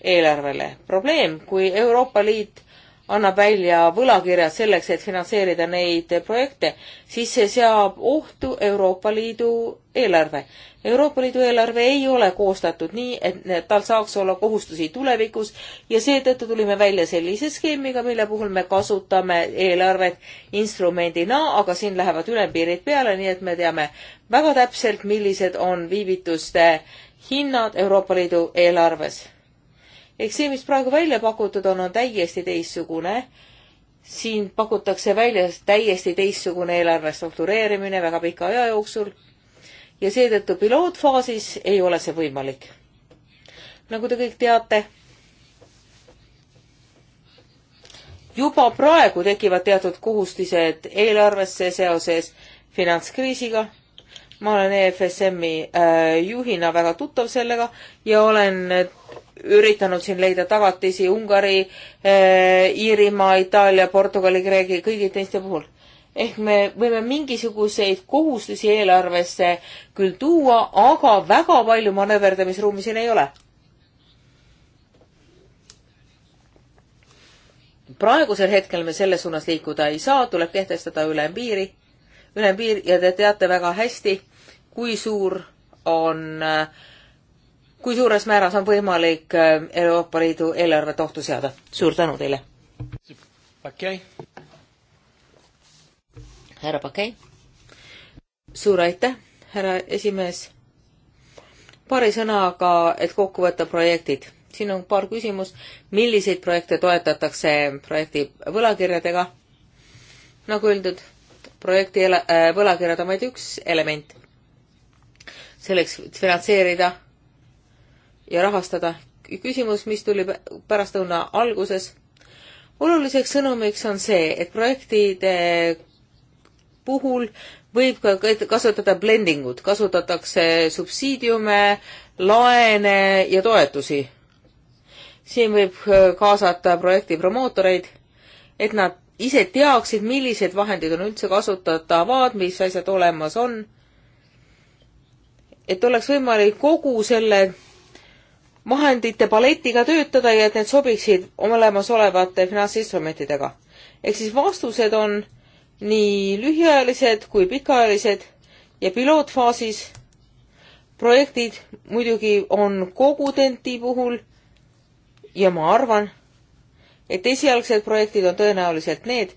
eelarvele. probleem, kui Euroopa Liit annab välja võlakirjad selleks, et finantseerida neid projekte, siis see seab ohtu Euroopa Liidu eelarve. Euroopa Liidu eelarve ei ole koostatud nii, et tal saaks olla kohustusi tulevikus ja seetõttu tulime välja sellise skeemiga, mille puhul me kasutame eelarvet instrumendina, aga siin lähevad ülempiirid peale, nii et me teame väga täpselt, millised on viivituste hinnad Euroopa Liidu eelarves ehk see, mis praegu välja pakutud on, on täiesti teistsugune. siin pakutakse välja täiesti teistsugune eelarve struktureerimine väga pika aja jooksul ja seetõttu pilootfaasis ei ole see võimalik. nagu te kõik teate, juba praegu tekivad teatud kohustised eelarvesse seoses finantskriisiga ma olen EFSM-i äh, juhina väga tuttav sellega ja olen äh, üritanud siin leida tagatisi Ungari, äh, Iirimaa, Itaalia, Portugali, Kreegi, kõigi teiste puhul. ehk me võime mingisuguseid kohustusi eelarvesse küll tuua, aga väga palju manööverdamisruumi siin ei ole. praegusel hetkel me selles suunas liikuda ei saa, tuleb kehtestada ülempiiri, ülempiir ja te teate väga hästi, kui suur on, kui suures määras on võimalik äh, Euroopa Liidu eelarvet ohtu seada. suur tänu teile! okei okay.. härra Pakei. suur aitäh, härra esimees. paari sõnaga, et kokku võtta projektid. siin on paar küsimust. milliseid projekte toetatakse projekti võlakirjadega? nagu öeldud, projekti ele-, äh, võlakirjad on vaid üks element selleks finantseerida ja rahastada. küsimus, mis tuli pärastlõuna alguses. oluliseks sõnumiks on see, et projektide puhul võib ka kasutada blending ut, kasutatakse subsiidiume, laene ja toetusi. siin võib äh, kaasata projekti promootoreid, et nad ise teaksid, millised vahendid on üldse kasutatavad, mis asjad olemas on et oleks võimalik kogu selle vahendite paletiga töötada ja et need sobiksid olemasolevate finantsinstrumentidega. ehk siis vastused on nii lühiajalised kui pikaajalised ja pilootfaasis projektid muidugi on kogu TENT-i puhul ja ma arvan, et esialgsed projektid on tõenäoliselt need,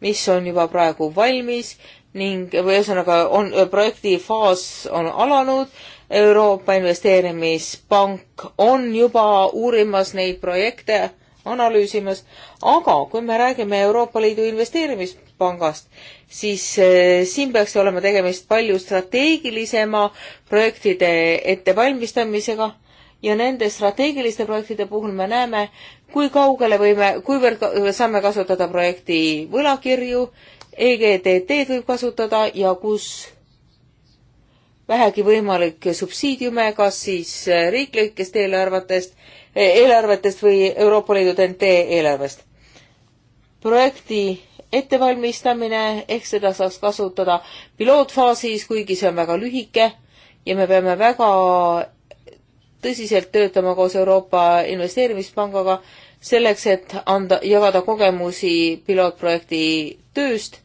mis on juba praegu valmis, ning või ühesõnaga on projekti faas on alanud, Euroopa Investeerimispank on juba uurimas neid projekte, analüüsimas, aga kui me räägime Euroopa Liidu Investeerimispangast, siis eh, siin peaks olema tegemist palju strateegilisema projektide ettevalmistamisega ja nende strateegiliste projektide puhul me näeme, kui kaugele võime, kuivõrd saame kasutada projekti võlakirju EGTT-d võib kasutada ja kus vähegi võimalik subsiidiume, kas siis riiklikest eelarvetest, eelarvetest või Euroopa Liidu TNT eelarvest. projekti ettevalmistamine, ehk seda saaks kasutada pilootfaasis, kuigi see on väga lühike ja me peame väga tõsiselt töötama koos Euroopa Investeerimispangaga selleks, et anda, jagada kogemusi pilootprojekti tööst.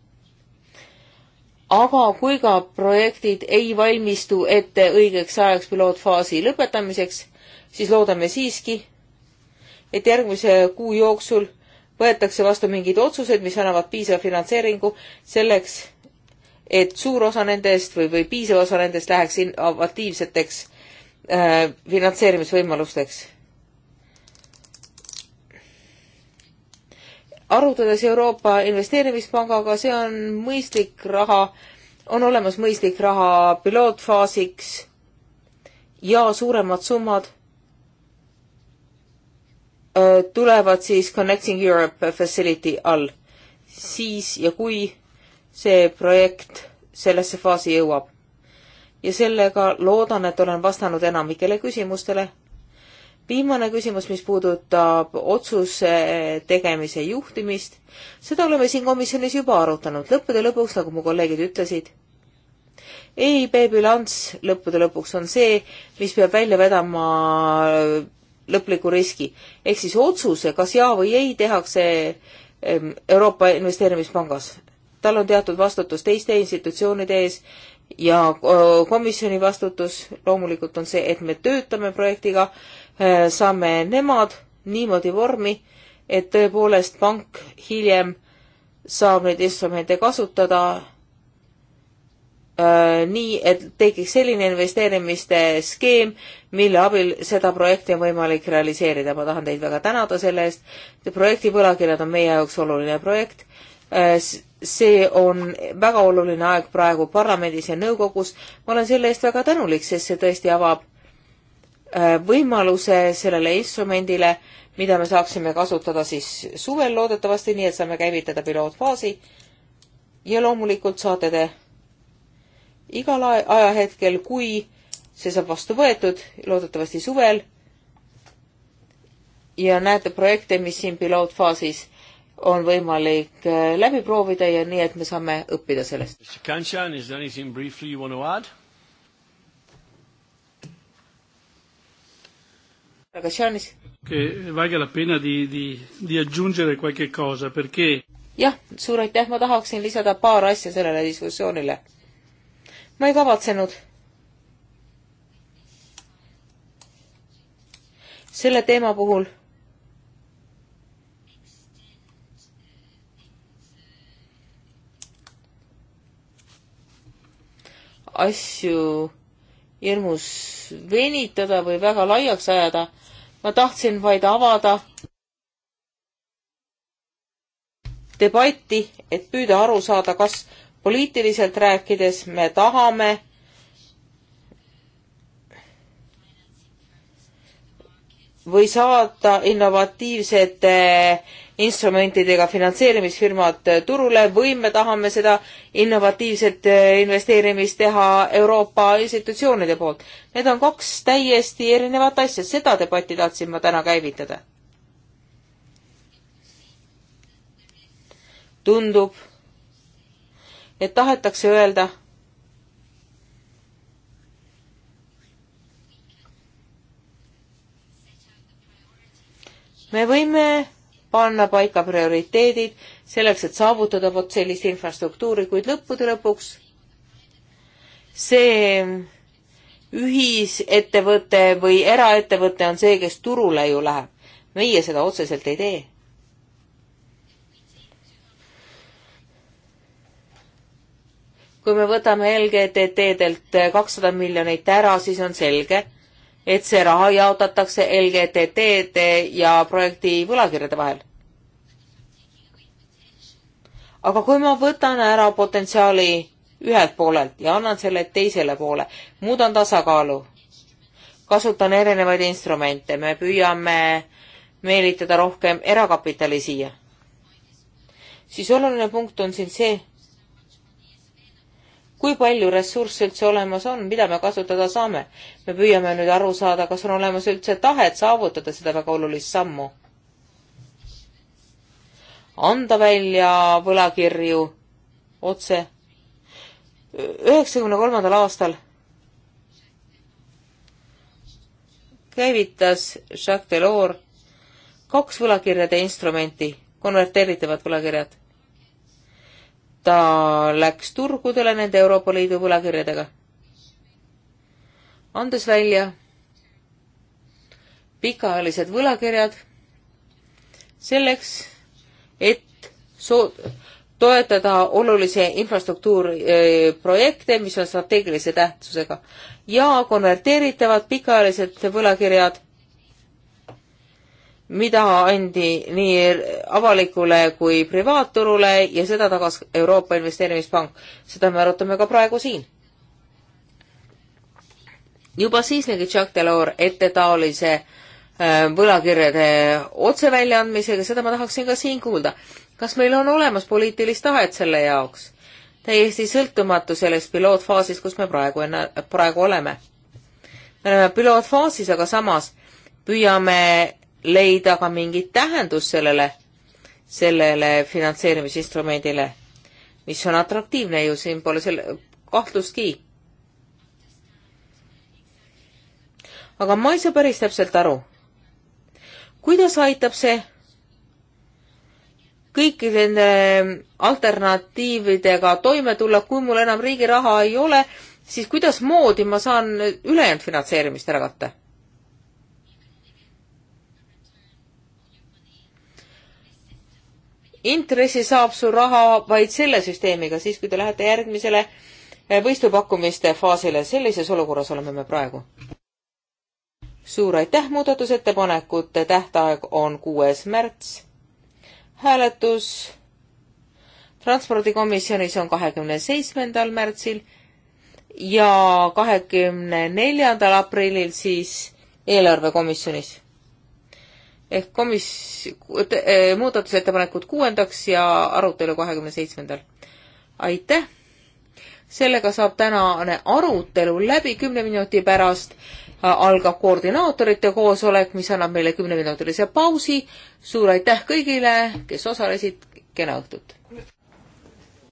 aga kui ka projektid ei valmistu ette õigeks ajaks pilootfaasi lõpetamiseks, siis loodame siiski, et järgmise kuu jooksul võetakse vastu mingid otsused, mis annavad piisava finantseeringu selleks, et suur osa nendest või, või piisav osa nendest läheks innovatiivseteks äh, finantseerimisvõimalusteks arutades Euroopa Investeerimispangaga, see on mõistlik raha, on olemas mõistlik raha pilootfaasiks ja suuremad summad äh, tulevad siis Connecting Europe Facility all. siis ja kui see projekt sellesse faasi jõuab. ja sellega loodan, et olen vastanud enamikele küsimustele viimane küsimus, mis puudutab otsuse tegemise juhtimist, seda oleme siin komisjonis juba arutanud. lõppude lõpuks, nagu mu kolleegid ütlesid, EIB bilanss lõppude lõpuks on see, mis peab välja vedama lõpliku riski. ehk siis otsuse, kas jaa või ei, tehakse Euroopa Investeerimispangas. tal on teatud vastutus teiste institutsioonide ees ja komisjoni vastutus loomulikult on see, et me töötame projektiga äh, Äh, saame nemad niimoodi vormi, et tõepoolest pank hiljem saab neid instrumente kasutada äh, nii, et tekiks selline investeerimiste skeem, mille abil seda projekti on võimalik realiseerida. ma tahan teid väga tänada selle eest. projekti võlakirjad on meie jaoks oluline projekt äh,. see on väga oluline aeg praegu parlamendis ja nõukogus. ma olen selle eest väga tänulik, sest see tõesti avab Äh, võimaluse sellele instrumendile, mida me saaksime kasutada siis suvel loodetavasti, nii et saame käivitada pilootfaasi. ja loomulikult saate te igal ajahetkel, kui see saab vastu võetud, loodetavasti suvel, ja näete projekte, mis siin pilootfaasis on võimalik äh, läbi proovida ja nii, et me saame õppida sellest. jah, suur aitäh, ma tahaksin lisada paar asja sellele diskussioonile. ma ei kavatsenud selle teema puhul asju hirmus venitada või väga laiaks ajada ma tahtsin vaid avada debatti, et püüda aru saada, kas poliitiliselt rääkides me tahame või saada innovatiivsete äh, instrumentidega finantseerimisfirmad turule või me tahame seda innovatiivset äh, investeerimist teha Euroopa institutsioonide poolt. Need on kaks täiesti erinevat asja, seda debatti tahtsin ma täna käivitada. tundub, et tahetakse öelda me võime panna paika prioriteedid selleks, et saavutada vot sellist infrastruktuuri, kuid lõppude lõpuks see ühisettevõte või eraettevõte on see, kes turule ju läheb. meie seda otseselt ei tee. kui me võtame LGTT-delt kakssada miljonit ära, siis on selge, et see raha jaotatakse LGTT-de ja projekti võlakirjade vahel. aga kui ma võtan ära potentsiaali ühelt poolelt ja annan selle teisele poole, muudan tasakaalu, kasutan erinevaid instrumente, me püüame meelitada rohkem erakapitali siia, siis oluline punkt on siin see, kui palju ressursse üldse olemas on, mida me kasutada saame. me püüame nüüd aru saada, kas on olemas üldse tahet saavutada seda väga olulist sammu. anda välja võlakirju otse. üheksakümne kolmandal aastal käivitas Jacques Delors kaks võlakirjade instrumenti, konverteeritavad võlakirjad ta läks turgudele nende Euroopa Liidu võlakirjadega, andes välja pikaajalised võlakirjad selleks, et so-, toetada olulisi infrastruktuuriprojekte, eh, mis on strateegilise tähtsusega ja konverteeritavad pikaajalised võlakirjad mida andi nii avalikule kui privaatturule ja seda tagas Euroopa Investeerimispank. seda me arutame ka praegu siin. juba siis nägi Jacques Delors ette taolise äh, võlakirjade otseväljaandmisega, seda ma tahaksin ka siin kuulda. kas meil on olemas poliitilist tahet selle jaoks? täiesti sõltumatu sellest pilootfaasist, kus me praegu enne, praegu oleme. me äh, oleme pilootfaasis, aga samas püüame leida ka mingit tähendust sellele, sellele finantseerimisinstrumendile, mis on atraktiivne ju, siin pole selle, kahtlustki. aga ma ei saa päris täpselt aru, kuidas aitab see kõikide nende alternatiividega toime tulla, kui mul enam riigi raha ei ole, siis kuidasmoodi ma saan ülejäänud finantseerimist ära katta? intressi saab su raha vaid selle süsteemiga, siis kui te lähete järgmisele eh, võistupakkumiste faasile. sellises olukorras oleme me praegu. suur aitäh, muudatusettepanekute tähtaeg on kuues märts. hääletus transpordikomisjonis on kahekümne seitsmendal märtsil ja kahekümne neljandal aprillil siis eelarvekomisjonis ehk komis-, eh, muudatusettepanekud kuuendaks ja arutelu kahekümne seitsmendal. aitäh! sellega saab tänane arutelu läbi kümne minuti pärast algab koordinaatorite koosolek, mis annab meile kümneminutilise pausi. suur aitäh kõigile, kes osalesid, kena õhtut!